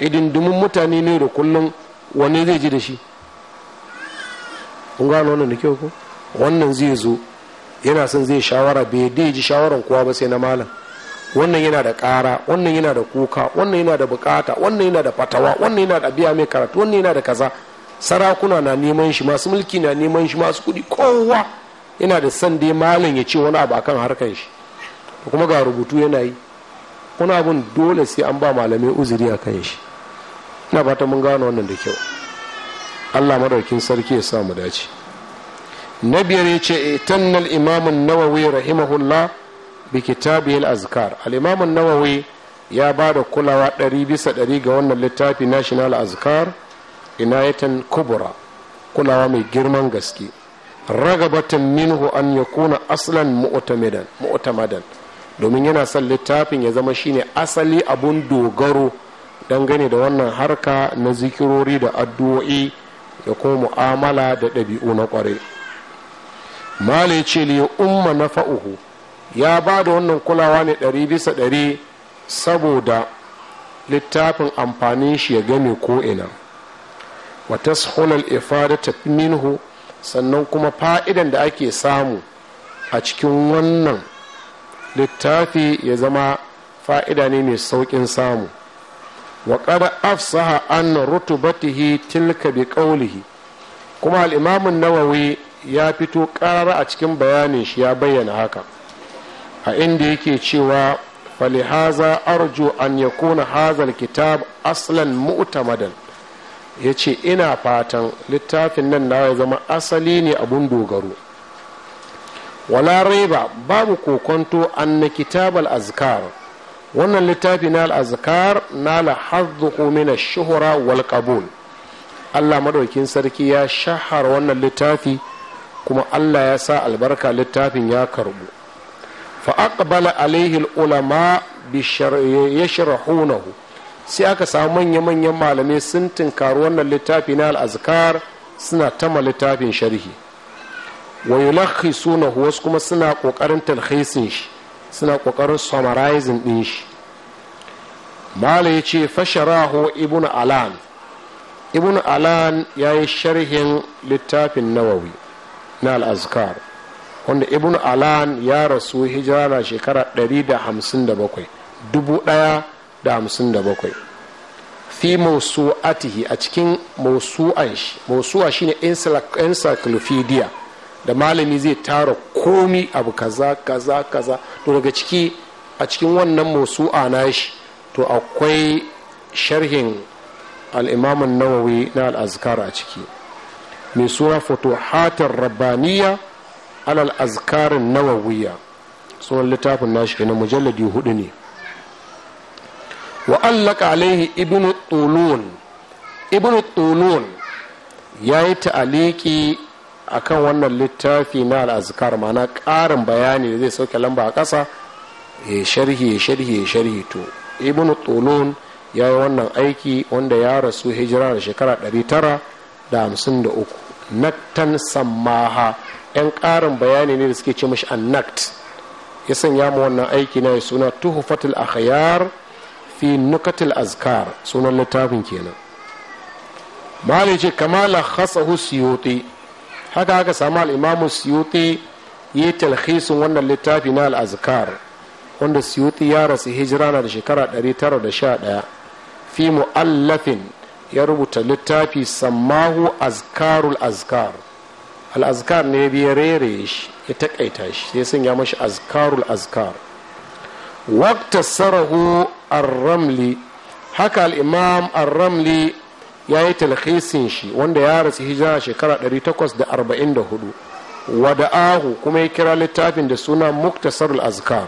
dumin mutane ne da kullum wani zai ji da shi kun wannan da kyau ko wannan zai zo yana son zai shawara bai ya ji shawaran kowa ba sai na malam wannan yana da kara wannan yana da kuka wannan yana da bukata wannan yana da fatawa wannan yana da biya mai karatu wannan yana da kaza sarakuna na neman shi masu mulki na neman shi masu kuɗi kowa yana da son dai malam ya ce wani abu akan harkar shi kuma ga rubutu yana yi wani abun dole sai an ba malamai uzuri a kan shi ina fata mun gano wannan da kyau allah madaukin sarki ya sa mu dace na biyar ya ce itannal imamun nawawi rahimahullah bi kitabi azkar al-imamun nawawi ya ba da kulawa ɗari bisa ɗari ga wannan littafi national azkar inayatan kubura kulawa mai girman gaske ragabatan minhu an ya kuna aslan mu'tamadan domin yana son littafin ya zama shine asali abun dogaro dangane da wannan harka na zikirori da addu'o'i da kuma mu'amala da ɗabi'u na ƙwarai mala ce li umma na fa'uhu ya ba da wannan kulawa ne ɗari bisa ɗari saboda littafin amfanin shi ya game ko'ina wa tashunan ifada minhu sannan kuma fa'idan da ake samu a cikin wannan littafi ya zama fa'ida ne mai sauƙin samu wa ƙada afsaha an rutubatihi tilka bi ƙaulihi kuma al'imamun nawawi ya fito ƙara a cikin bayanin shi ya bayyana haka a inda yake cewa falihaza arju an ya kuna hazal kitab aslan mu'tamadan ya ce ina fatan littafin nan na ya zama asali ne abun dogaro wala raiba babu kokonto an na kitab azkar wannan littafi na al'azkar na lahazzuhu min ash-shuhra wal Allah maɗaukin sarki ya shahara wannan littafi kuma allah ya sa albarka littafin ya karbu fa aqbala alaihi ulama yashrahunahu sai aka samu manya-manyan malamai sun tinkari wannan littafi na al'azkar suna tama littafin sharhi wa suna wasu kuma suna kokarin talhisin shi suna kokarin summarizing din shi mala ya ce fasharahu ibn alan ibn alan ya yi sharhin littafin nawawi na al'azkar wanda ibn alan ya rasu hijira na shekara 157 fi atihi a cikin mausu'an shi ne shine encyclopedia da malami zai tara komi abu kaza kaza kaza to daga ciki a cikin wannan mausu'a na shi to akwai sharhin al'imamun nawawi na al'azkar a ciki mai suna hatar rabbaniya alal nawa nawawiya sunan littafin nashi na mujalladi hudu ne wa allaka alaihi ibnu tulun ibnu tulun ya yi ta'aliki a kan wannan littafi na al'azkar mana ƙarin bayani da zai sauke lamba a ƙasa ya sharhi ya sharhi ya sharhi to ibnu tulun ya yi wannan aiki wanda ya rasu hijira da shekara uku. naktan sammaha yan ƙarin bayani ne da suke ce mashi annakt ya sanya mu wannan aiki na suna tuhufatul akhyar fi nukatil azkar sunan littafin kenan mali ce kamala khasahu siyuti haka aka samu al'imamu siyuti yi talhisin wannan littafi na al'azkar wanda siyuti ya rasu hijira na da shekara 911 fi mu'allafin ya rubuta littafi sammahu azkarul azkar al'azkar ne biya rere shi ya takaita shi sai sun ya mashi azkarul azkar wakta sarahu ar-ramli haka al-imam ar-ramli ya yi talhisin shi wanda ya rasu hijira shekara 844 wada'ahu kuma ya kira littafin da suna muktasarul azkar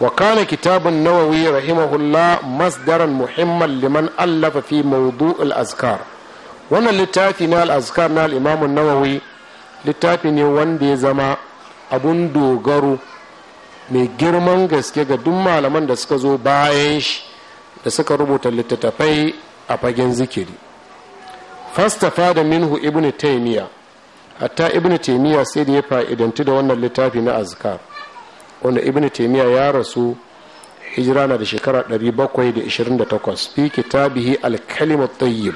وكان كتاب النووي رحمه الله مصدرا مهما لمن ألف في موضوع الأذكار wannan littafi na al'azkar na al'imamun nawawi littafi ne wanda ya zama abun dogaro mai girman gaske ga duk malaman da suka zo bayan shi da suka rubuta littattafai a fagen zikiri fastafa da minhu ibnu taimiya hatta ibnu taimiya sai da ya fa'idanti da wannan littafi na askar. wanda ibn taimiyya ya rasu hijira na da shekara 728 fi kitabihi alkalimat tayyib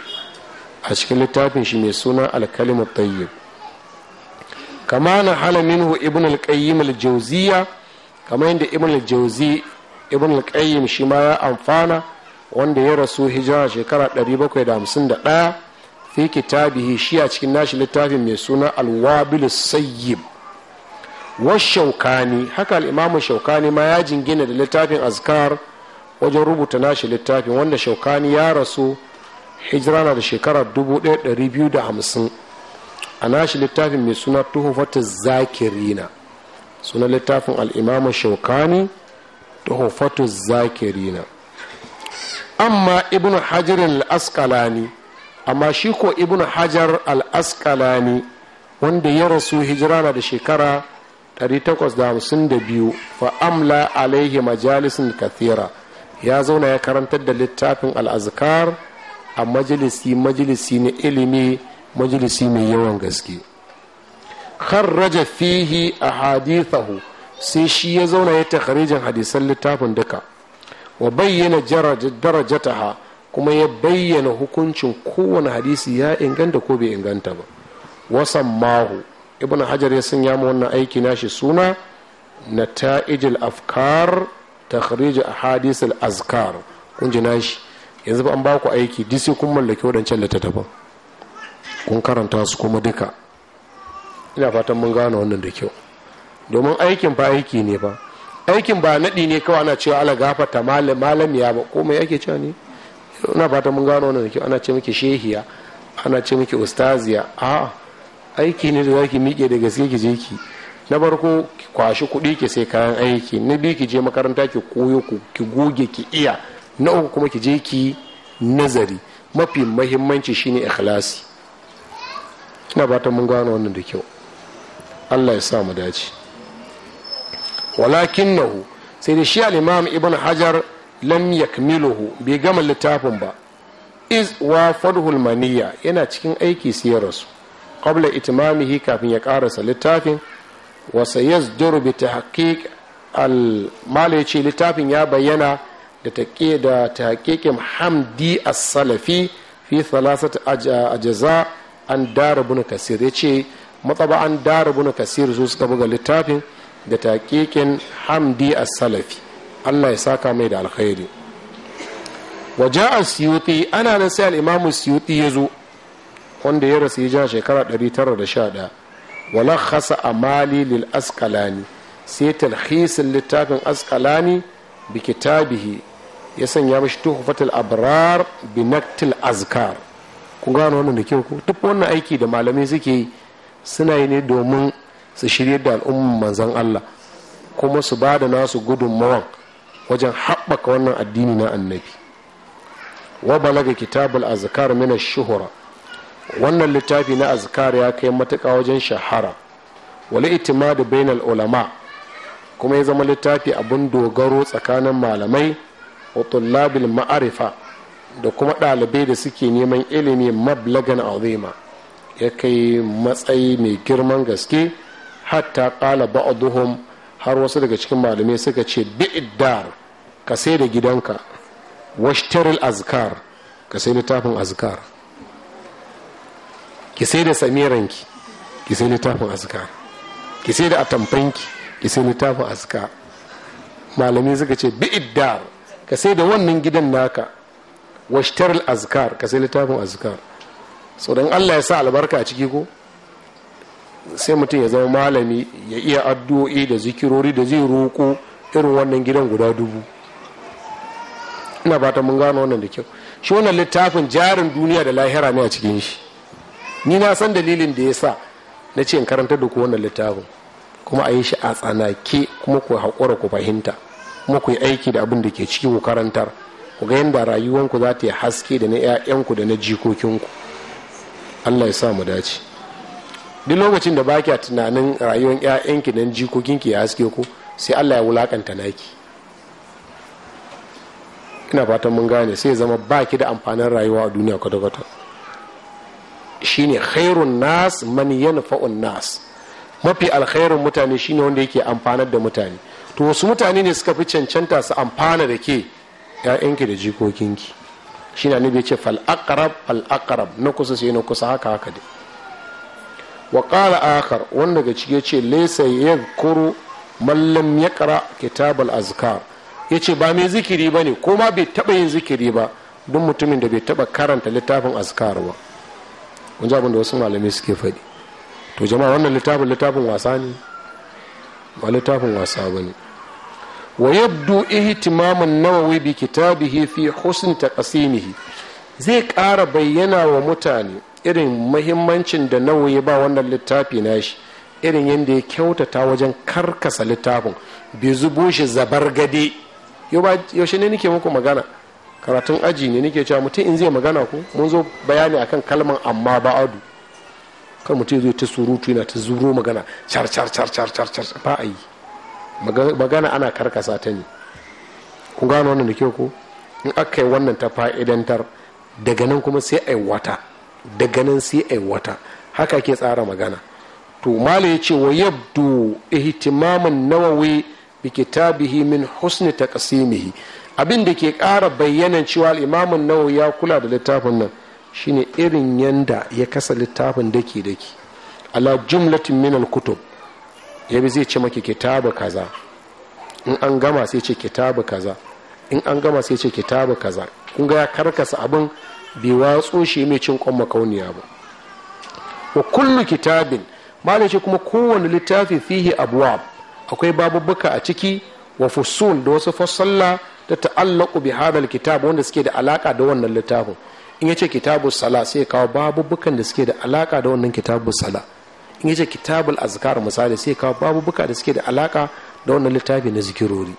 a cikin littafin shi mai suna alkalimat tayyib kama na hala minhu ibn alkayyim qayyim kama yadda ibn al ibn alkayyim shi ma ya amfana wanda ya rasu hijira shekara 751 fi kitabihi shi a cikin nashi littafin mai suna alwabil sayyib washaukani haka al'imamu shaukani ma ya jingina da littafin azkar wajen rubuta nashi littafin wanda shaukani ya rasu hijira na da shekarar 1250 a nashi littafin mai suna tuhufata zakirina suna littafin al'imamu shaukani tuhufata zakirina amma ibn hajar al askalani amma shi ko ibn hajar al askalani wanda ya rasu hijira na da shekara 852 fa'amla alaihi majalisin kathira ya zauna ya karantar da littafin al'azkar a majalisi majalisi na ilimi majalisi mai yawan gaske har raja fihi a hadithahu sai shi ya zauna ya takharijin hadisan littafin duka wa bayyana darajataha kuma ya bayyana hukuncin kowane hadisi ya inganta ko bai inganta ba wasan mahu ibn hajar ya sanya mu wannan aiki nashi suna na ta'ijil afkar kharija a hadisar azkar kun ji nashi yanzu ba an ba ku aiki disi sai kun mallaki wadancan littattafan kun karanta su kuma duka ina fatan mun gane wannan da kyau domin aikin fa aiki ne ba aikin ba naɗi ne kawai ana cewa ala gafata malamiya ba ko mai ake cewa ne ina fatan mun gane wannan da kyau ana ce miki shehiya ana ce miki ustaziya a'a aiki ne da za ki miƙe da gaske ki je ki na farko ki kwashi kuɗi ki sai kayan aiki na biyu ki je makaranta ki koyo ki goge ki iya na uku kuma ki je ki nazari mafi mahimmanci shine ikhlasi ina ba ta mun gano wannan da kyau Allah ya sa mu dace walakin nahu sai da shi al-imam ibn hajar lam yakmiluhu bai gama littafin ba iz wa fadhul maniya yana cikin aiki sai rasu. qabla itimamihi kafin ya karasa littafin wa sayasduru bi tahqiq al ce littafin ya bayyana da take da tahqiqin hamdi as-salafi fi thalathati ajza an dar ibn kasir yace matsaba an dar ibn kasir su suka buga littafin da tahqiqin hamdi as-salafi Allah ya saka mai da alkhairi wa ja'a siyuti ana nan sai al-imamu siyuti yazo wanda ya rasu ja shekara 911 wala khasa amali lil askalani sai talhisin littafin askalani bi kitabihi ya sanya mashi tuhfatul abrar bi naktil azkar ku gano wannan da kyau ko duk wannan aiki da malamai suke yi suna yi ne domin su shirye da al'umman manzon Allah kuma su ba da nasu gudunmawan wajen haɓaka wannan addini na annabi wa balaga kitabul azkar min ash-shuhra wannan littafi na azkar ya kai matuƙa wajen shahara itima da bainal ulama kuma ya zama littafi abin dogaro tsakanin malamai wa tullabil ma'arifa da kuma ɗalibai da suke neman ilimi mablagan azima ya kai matsayi mai girman gaske hatta ƙala ba'aduhum har wasu daga cikin malamai suka ce bi'iddar ka sai da gidanka washtaril azkar ka sai littafin azkar ki sai da samiranki ki sai littafin azkar ki sai da atamfanki ki sai littafin azkar malami suka ce iddar ka sai da wannan gidan naka washtar azkar ka sai littafin azkar so dan allah ya sa albarka a ciki ko sai mutum ya zama malami ya iya addu'o'i da zikirori da zai roko irin wannan gidan guda dubu ina ba ta mun gano wannan da kyau shi wannan littafin jarin duniya da lahira ne a cikin shi ni na san dalilin da ya sa na ce in karanta da ku wannan littafin kuma a yi shi a tsanake kuma ku haƙura ku fahimta kuma ku yi aiki da abin da ke ciki ku karantar ku ga yadda rayuwanku za ta yi haske da na 'ya'yanku da na jikokinku allah ya sa mu dace duk lokacin da ba kya tunanin rayuwar 'ya'yanki jikokin jikokinki ya haske ku sai allah ya wulakanta naki ina fatan mun gane sai ya zama baki da amfanin rayuwa a duniya kwata-kwata shine khairun nas man yanfa'un nas mafi alkhairun mutane shine wanda yake amfanar da mutane to wasu mutane ne suka fi cancanta su amfana da ke ya'yanki da jikokinki shi na nabi ce fal aqrab fal aqrab na kusa sai na kusa haka haka dai wa qala wanda ga cike ce laysa yadhkuru man lam yaqra kitab azkar yace ba mai zikiri bane ko ma bai taɓa yin zikiri ba don mutumin da bai taɓa karanta littafin azkar ba kun ji abin da wasu malamai suke faɗi to jama'a wannan littafin littafin wasa ne ba littafin wasa ba ne wa yabdu ihtimamun nawawi bi kitabihi fi husn taqsimihi zai ƙara bayyana wa mutane irin muhimmancin da ya ba wannan littafi nashi irin yadda ya kyautata wajen karkasa littafin bi zubushi shi zabar gade yaushe ne nake muku magana karatun aji ne nake cewa mutum in zai magana ko mun zo bayani akan kalman amma ba'adu kan mutum zai ta surutu yana ta zuro magana char char char char char char ba a yi magana ana karkasa ta ne kun gano wannan da kyau ko in aka yi wannan ta fa'idantar daga nan kuma sai ai wata daga nan sai ai wata haka ke tsara magana to mala ya ce wa yabdu nawawi Bikitabihi min husni taqsimihi abin da ke ƙara bayyanan cewa al'imamin nawa ya kula da littafin nan shine irin yanda ya kasa littafin daki daki ala jumlatin min kutub Yabi zai ce maki kitabu kaza in an gama sai ce kitabu kaza in an gama sai ce kitabu kaza kun ga ya karkasa abin bi watsu shi mai cin kwan makauniya ba wa kullu kitabin malai kuma kowane littafi fihi abwab akwai babubuka a ciki wa fusun da wasu fassalla ta ta'allaku bi hadal kitab wanda suke da alaka da wannan littafin in yace kitabu sala sai ya kawo babubukan da suke da alaka da wannan kitabu sala in yace kitabul azkar misali sai ya kawo babubuka da suke da alaka da wannan littafi na zikirori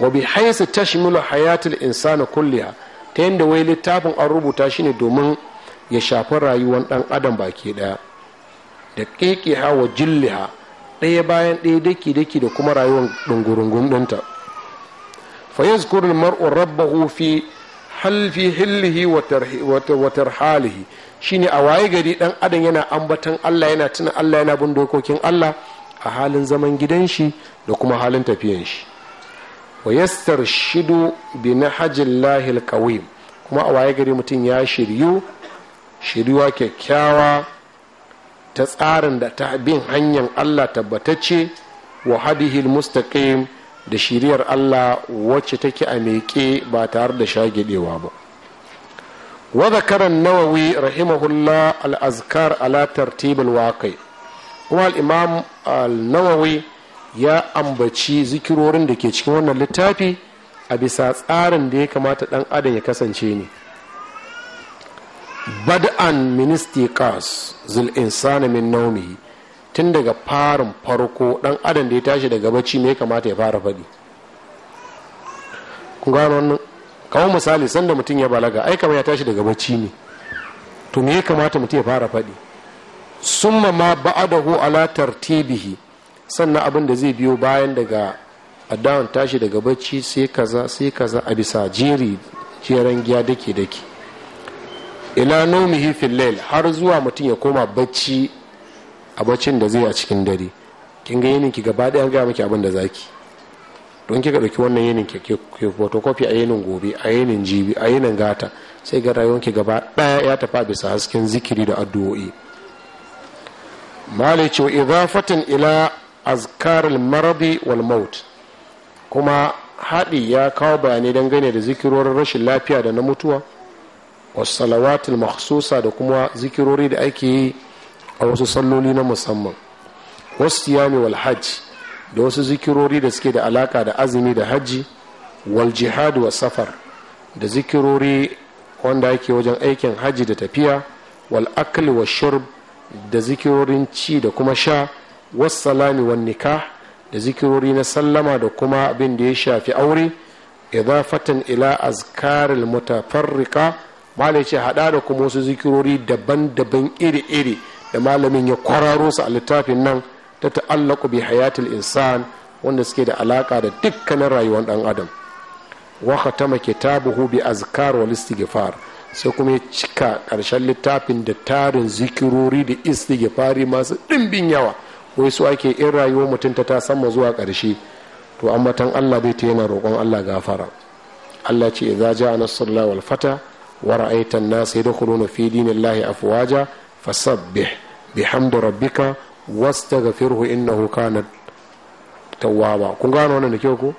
wa bi haythu tashmilu hayatul insani kulliha ta yadda wai littafin an rubuta shi ne domin ya shafi rayuwar dan adam baki daya da keke wa jilliha ɗaya bayan ɗaya daki daki da kuma rayuwar ɗungurungun ɗinta fayyaz kurin mar'u rabba fi halfi hillihi halihi Shi ne a waye gari ɗan adam yana ambatan Allah yana tuna Allah yana bin dokokin Allah a halin zaman gidan shi da kuma halin tafiyan shi wa shidu bi hajjin lahil kuma a waye gari mutum ya shiryu shiryuwa kyakkyawa ta tsarin da ta bin hanyar Allah tabbatacce wa hadihil mustaqim da shiriyar Allah wacce take a meƙe ba tare da shagidewa ba wa zakara nawawi rahimahullah al’azkar azkar ala tartib al kuma alimam al-nawawi ya ambaci zikirorin da ke cikin wannan littafi a bisa tsarin da ya kamata ɗan adam ya kasance ne bad'an ministikas zul insani min naumihi tun daga farin farko dan adam da ya tashi daga bacci me kamata ya fara faɗi kun gano kawo misali sanda mutum ya balaga ai kamar ya tashi daga bacci ne to me kamata mutum ya fara faɗi summa ma ba'adahu ala tartibihi sannan abin da zai biyo bayan daga adawan tashi daga bacci sai kaza sai kaza a bisa jeri jeren giya dake dake ila naumihi hifin lail har zuwa mutum ya koma bacci a baccin da zai a cikin dare kin ga yininki ki gaba daya ga maki abin da zaki don kika dauki wannan yinin ke photocopy a yinin gobe a yinin jibi a yinin gata sai ga rayuwanki gaba daya ya tafa bisa hasken zikiri da addu'o'i malai wa idafatin ila azkaril maradi wal maut kuma haɗi ya kawo bayanai dangane da zikirorin rashin lafiya da na mutuwa wasalawatul maksusa da kuma zikirori da ake yi a wasu salloli na musamman wasu yami wal da wasu zikirori da suke da alaƙa da azumi da hajji wal jihad wa safar da zikirori wanda ake wajen aikin hajji da tafiya wal akli wa shurb da zikirorin ci da kuma sha was salami wan nikah da zikirori na sallama da kuma abin da ya shafi aure idafatan ila azkaril mutafarrika malai ce hada da kuma wasu zikirori daban-daban iri-iri da malamin ya kwararo su a littafin nan ta ta'allaku bi hayatul insan wanda suke da alaka da dukkanin rayuwar dan adam wa khatama kitabuhu bi azkar wal istighfar sai kuma ya cika karshen littafin da tarin zikirori da istighfari masu dimbin yawa wai su ake in rayuwar mutum ta ta sama zuwa karshe to tan Allah bai ta yana roƙon Allah gafara Allah ce idza ja nasrullahi wal fata wa ra'aita an-nas a fuwaja dinillahi afwaja fasabbih bihamdi rabbika wastaghfirhu na tawa ba kun gano wannan da kyau ko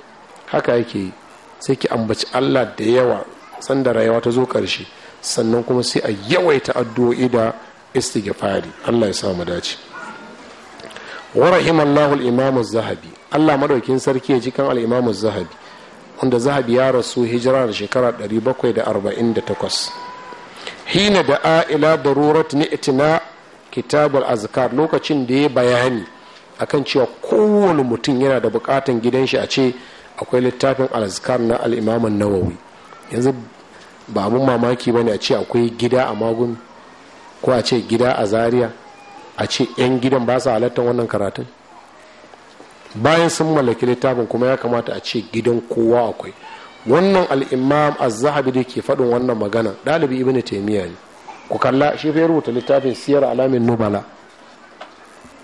haka yake yi sai ki ambaci Allah da yawa sanda rayuwa ta zo karshe sannan kuma sai a yawaita addu'o'i da fari Allah ya sa mu dace wa rahimallahu al zahabi Allah madaukin sarki ya ji kan al zahabi wanda zahabi ya rasu hijira da shekara 748 hina da a'ila ni itina kitabul azkar lokacin da ya bayani akan cewa kowane mutum yana da bukatan gidan shi a ce akwai littafin azkar na al'imaman nawawi yanzu ba mun mamaki ba ne a ce akwai gida a magun ko a ce gida a zaria a ce 'yan gidan ba su wannan karatun bayan sun mallaki littafin kuma ya kamata a ce gidan kowa akwai wannan al'imam azzahabi da ke faɗin wannan magana ɗalibi ibn taimiyya ne ku kalla shi fa rubuta littafin siyar alamin nubala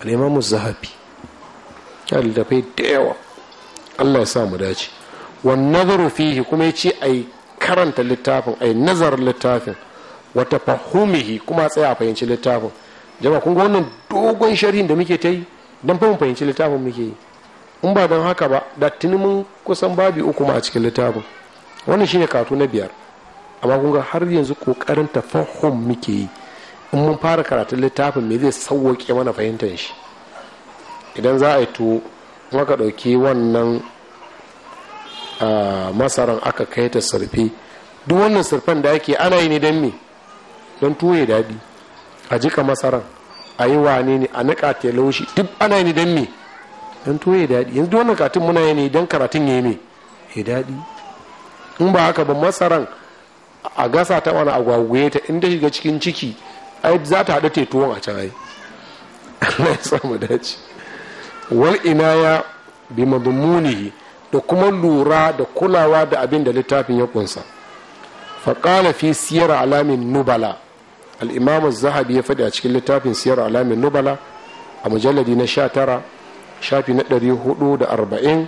al'imam azzahabi ya littafai da yawa Allah ya sa mu dace Wani nazaru fihi kuma ya a yi karanta littafin ai nazar littafin wata tafahumihi kuma tsaya a fahimci littafin jama'a kun ga wannan dogon sharhin da muke ta yi don fahimci littafin muke yi in ba don haka ba da tuni mun kusan babi uku ma a cikin littafin wannan shine kato na biyar amma kun ga har yanzu kokarin tafahum muke yi in mun fara karatun littafin me zai sauwaƙe mana fahimtar shi idan za a yi tuwo maka ɗauki wannan masaran aka kai ta surfe duk wannan surfen da ake ana yi ne don me don tuwo ya daɗi a jika masaran a yi wane ne a niƙa telaushi duk ana yi ne don me dan tuwo ya daɗi yanzu wannan katin muna yi ne dan karatun ya yi mai ya daɗi in ba haka ba masaran a gasa ta wani agwagwaye ta inda shiga cikin ciki ai za ta haɗa tetuwan a can ai Allah ya samu dace wal ya bi madmunihi da kuma lura da kulawa da abin da littafin ya kunsa faƙala fi siyar alamin nubala al'imamar zahabi ya faɗi a cikin littafin siyar alamin nubala a mujalladi na sha tara shafi na ɗari hudu da arba'in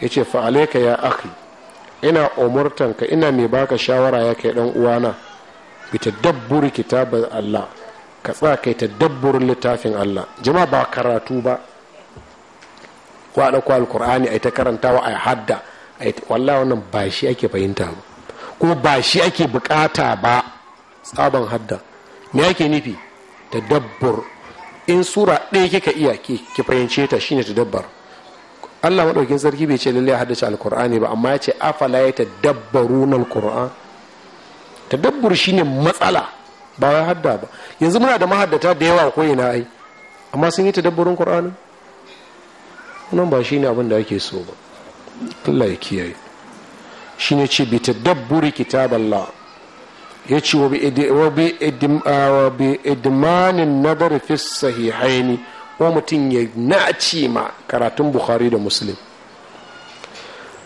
ya ce fa'alaika ya akhi ina umurtanka ina mai baka shawara ya kai ɗan uwana bi tadabburi kitabar Allah ka ka kai tadabburin littafin Allah jama'a ba karatu ba ko a alkur'ani a ta karantawa a hadda wallahi wannan ba shi ake fahimta ba ko ba shi ake bukata ba tsaban hadda me ake nufi tadabbur in sura ɗaya kika iya ki ki fahimce ta shine dabbar. Allah maɗaukin sarki bai ce lalle a haddace alkur'ani ba amma ya ce afala ya tadabbaru na alkur'an tadabbur shine matsala ba ya hadda ba yanzu muna da mahaddata da yawa ko ina ai amma sun yi tadabburin qur'ani nan ba shine abin da ake so ba Allah ya kiyaye shine ce bi tadabburi kitaballah ya ce wa bi idmanin nadar fi sahihaini wa mutum ya naci ma karatun bukhari da muslim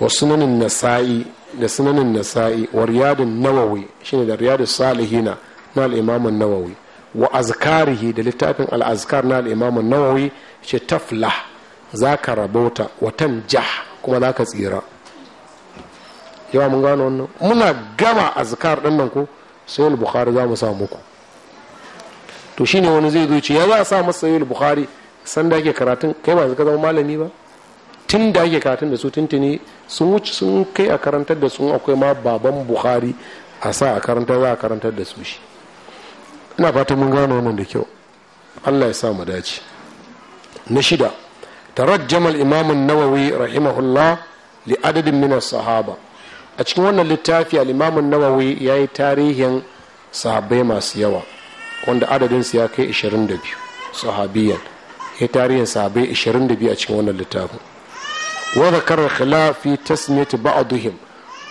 wa sunanin nasa'i da sunanin nasa'i wa riyadun nawawi shine da riyadun salihina na al'imamun nawawi wa azkarihi da littafin al'azkar na al'imamun nawawi ce tafla za ka rabota watan jah kuma za ka tsira yawa mun gano wannan muna gama azkar ɗin nan ko sayul bukhari za mu sa muku to shine wani zai zo ce ya za a sa masa sayul bukhari san da ake karatun kai ba zaka zama malami ba tun da ake karatun da su tuntuni sun wuce sun kai a karantar da su akwai ma baban bukhari a sa a karanta za a karantar da su shi ina fata mun gano wannan da kyau allah ya sa mu dace na shida tarajjama al nawawi rahimahullah li adadin min sahaba a cikin wannan littafi al'imamun nawawi ya yi tarihin sahabbai masu yawa wanda adadinsu ya kai 22 sahabiyan ya yi tarihin sahabbai 22 a cikin wannan littafin wadda zakar khilafi tasmiyat ba'aduhim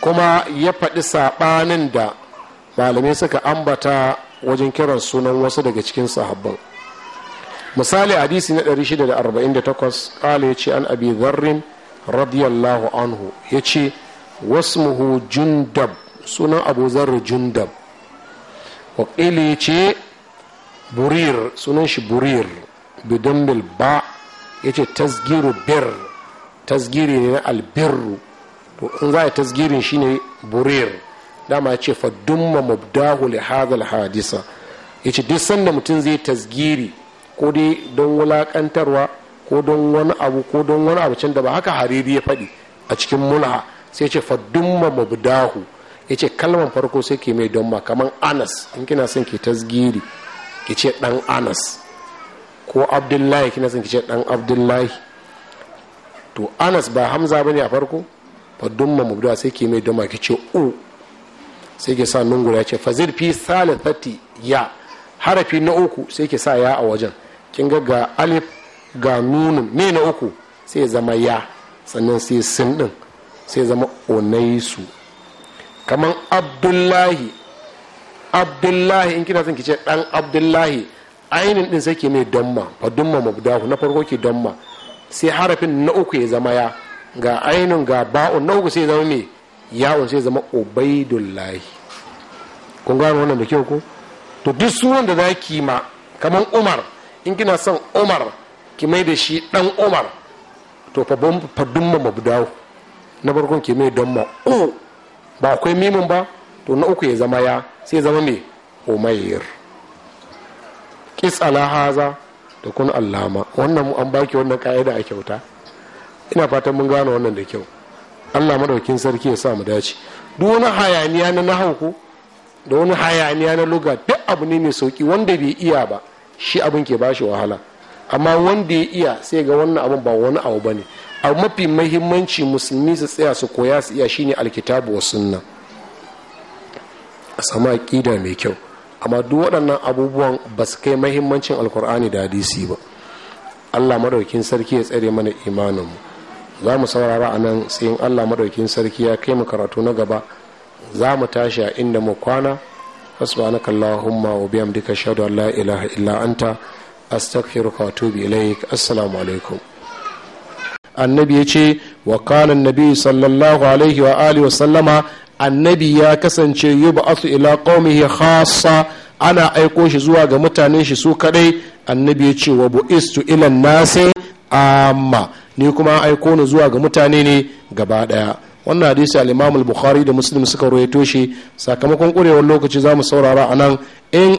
kuma ya faɗi saɓanin da malamai suka ambata wajen kiran sunan wasu daga cikin sahabban misali hadisi na 648 kala ya ce an abi zarrin radiyallahu anhu ya ce wasmuhu jundab sunan abu zarra jundab wakili ce burir sunan shi burir bidan ba ya ce tasgiru bir tasgiri ne na albirru to in za a tasgirin shi ne burir dama ya ce faddumma mubdahu li hadal hadisa ya ce duk sanda mutum zai tasgiri ko dai don wulaƙantarwa ko don wani abu ko don wani abu can da ba haka hariri ya faɗi a cikin mulha sai ce faddumma mabdahu ya ce kalmar farko sai ke mai damma kaman anas in kina son ke tasgiri ki ce dan anas ko abdullahi kina son ki ce dan abdullahi to anas ba hamza bane a farko faddumma mabda sai ke mai damma ki ce u sai ke sa nun guda ce fazir fi salifati ya harafi na uku sai ke sa ya a wajen kin ga ga alif ga nunun me na uku sai zama ya sannan sai sin din sai zama onaisu kamar abdullahi abdullahi in kina son ki ce dan abdullahi ainihin din sai ke mai damma fa dumma mabdahu na farko ke damma sai harafin na uku ya zama ya ga ainihin ga ba'un na uku sai zama mai ya'un sai zama ubaidullahi kun gano wannan da kyau ko to duk sunan da za ki ma kamar umar in kina son umar ki mai da shi dan umar to fa dumma mabdahu na barkon ke mai don ma'u ba akwai mimin ba to na uku ya zama ya sai zama mai omayar kis ala da kun allama wannan an baki wannan ka'ida a kyauta ina fatan mun gane wannan da kyau allah madaukin sarki ya sa mu dace duk wani hayaniya na nahau da wani hayaniya na luga duk abu ne mai sauki wanda bai iya ba shi abin ke bashi wahala amma wanda ya iya sai ga wannan abin ba wani abu ne. a mafi mahimmanci musulmi su tsaya su koya su iya shine alkitabu wa sunna a sama aƙida mai kyau amma duk waɗannan abubuwan ba su kai mahimmancin alkur'ani da hadisi ba allah madaukin sarki ya tsare mana imaninmu za mu saurara a nan sai allah madaukin sarki ya kai mu karatu na gaba za mu tashi a inda mu kwana subhanaka na wa bihamdika ashhadu an la ilaha illa anta astaghfiruka wa atubu ilaik assalamu alaikum annabi ya ce wa kana annabi sallallahu alaihi wa alihi wa sallama annabi ya kasance asu ila qaumihi khassa ana aiko shi zuwa ga mutanen shi su kadai annabi ya ce wa bu'istu ila nasi amma ni kuma aiko ni zuwa ga mutane ne gaba daya wannan hadisi al-imam bukhari da muslim suka rawaito toshe sakamakon kurewar lokaci zamu saurara anan in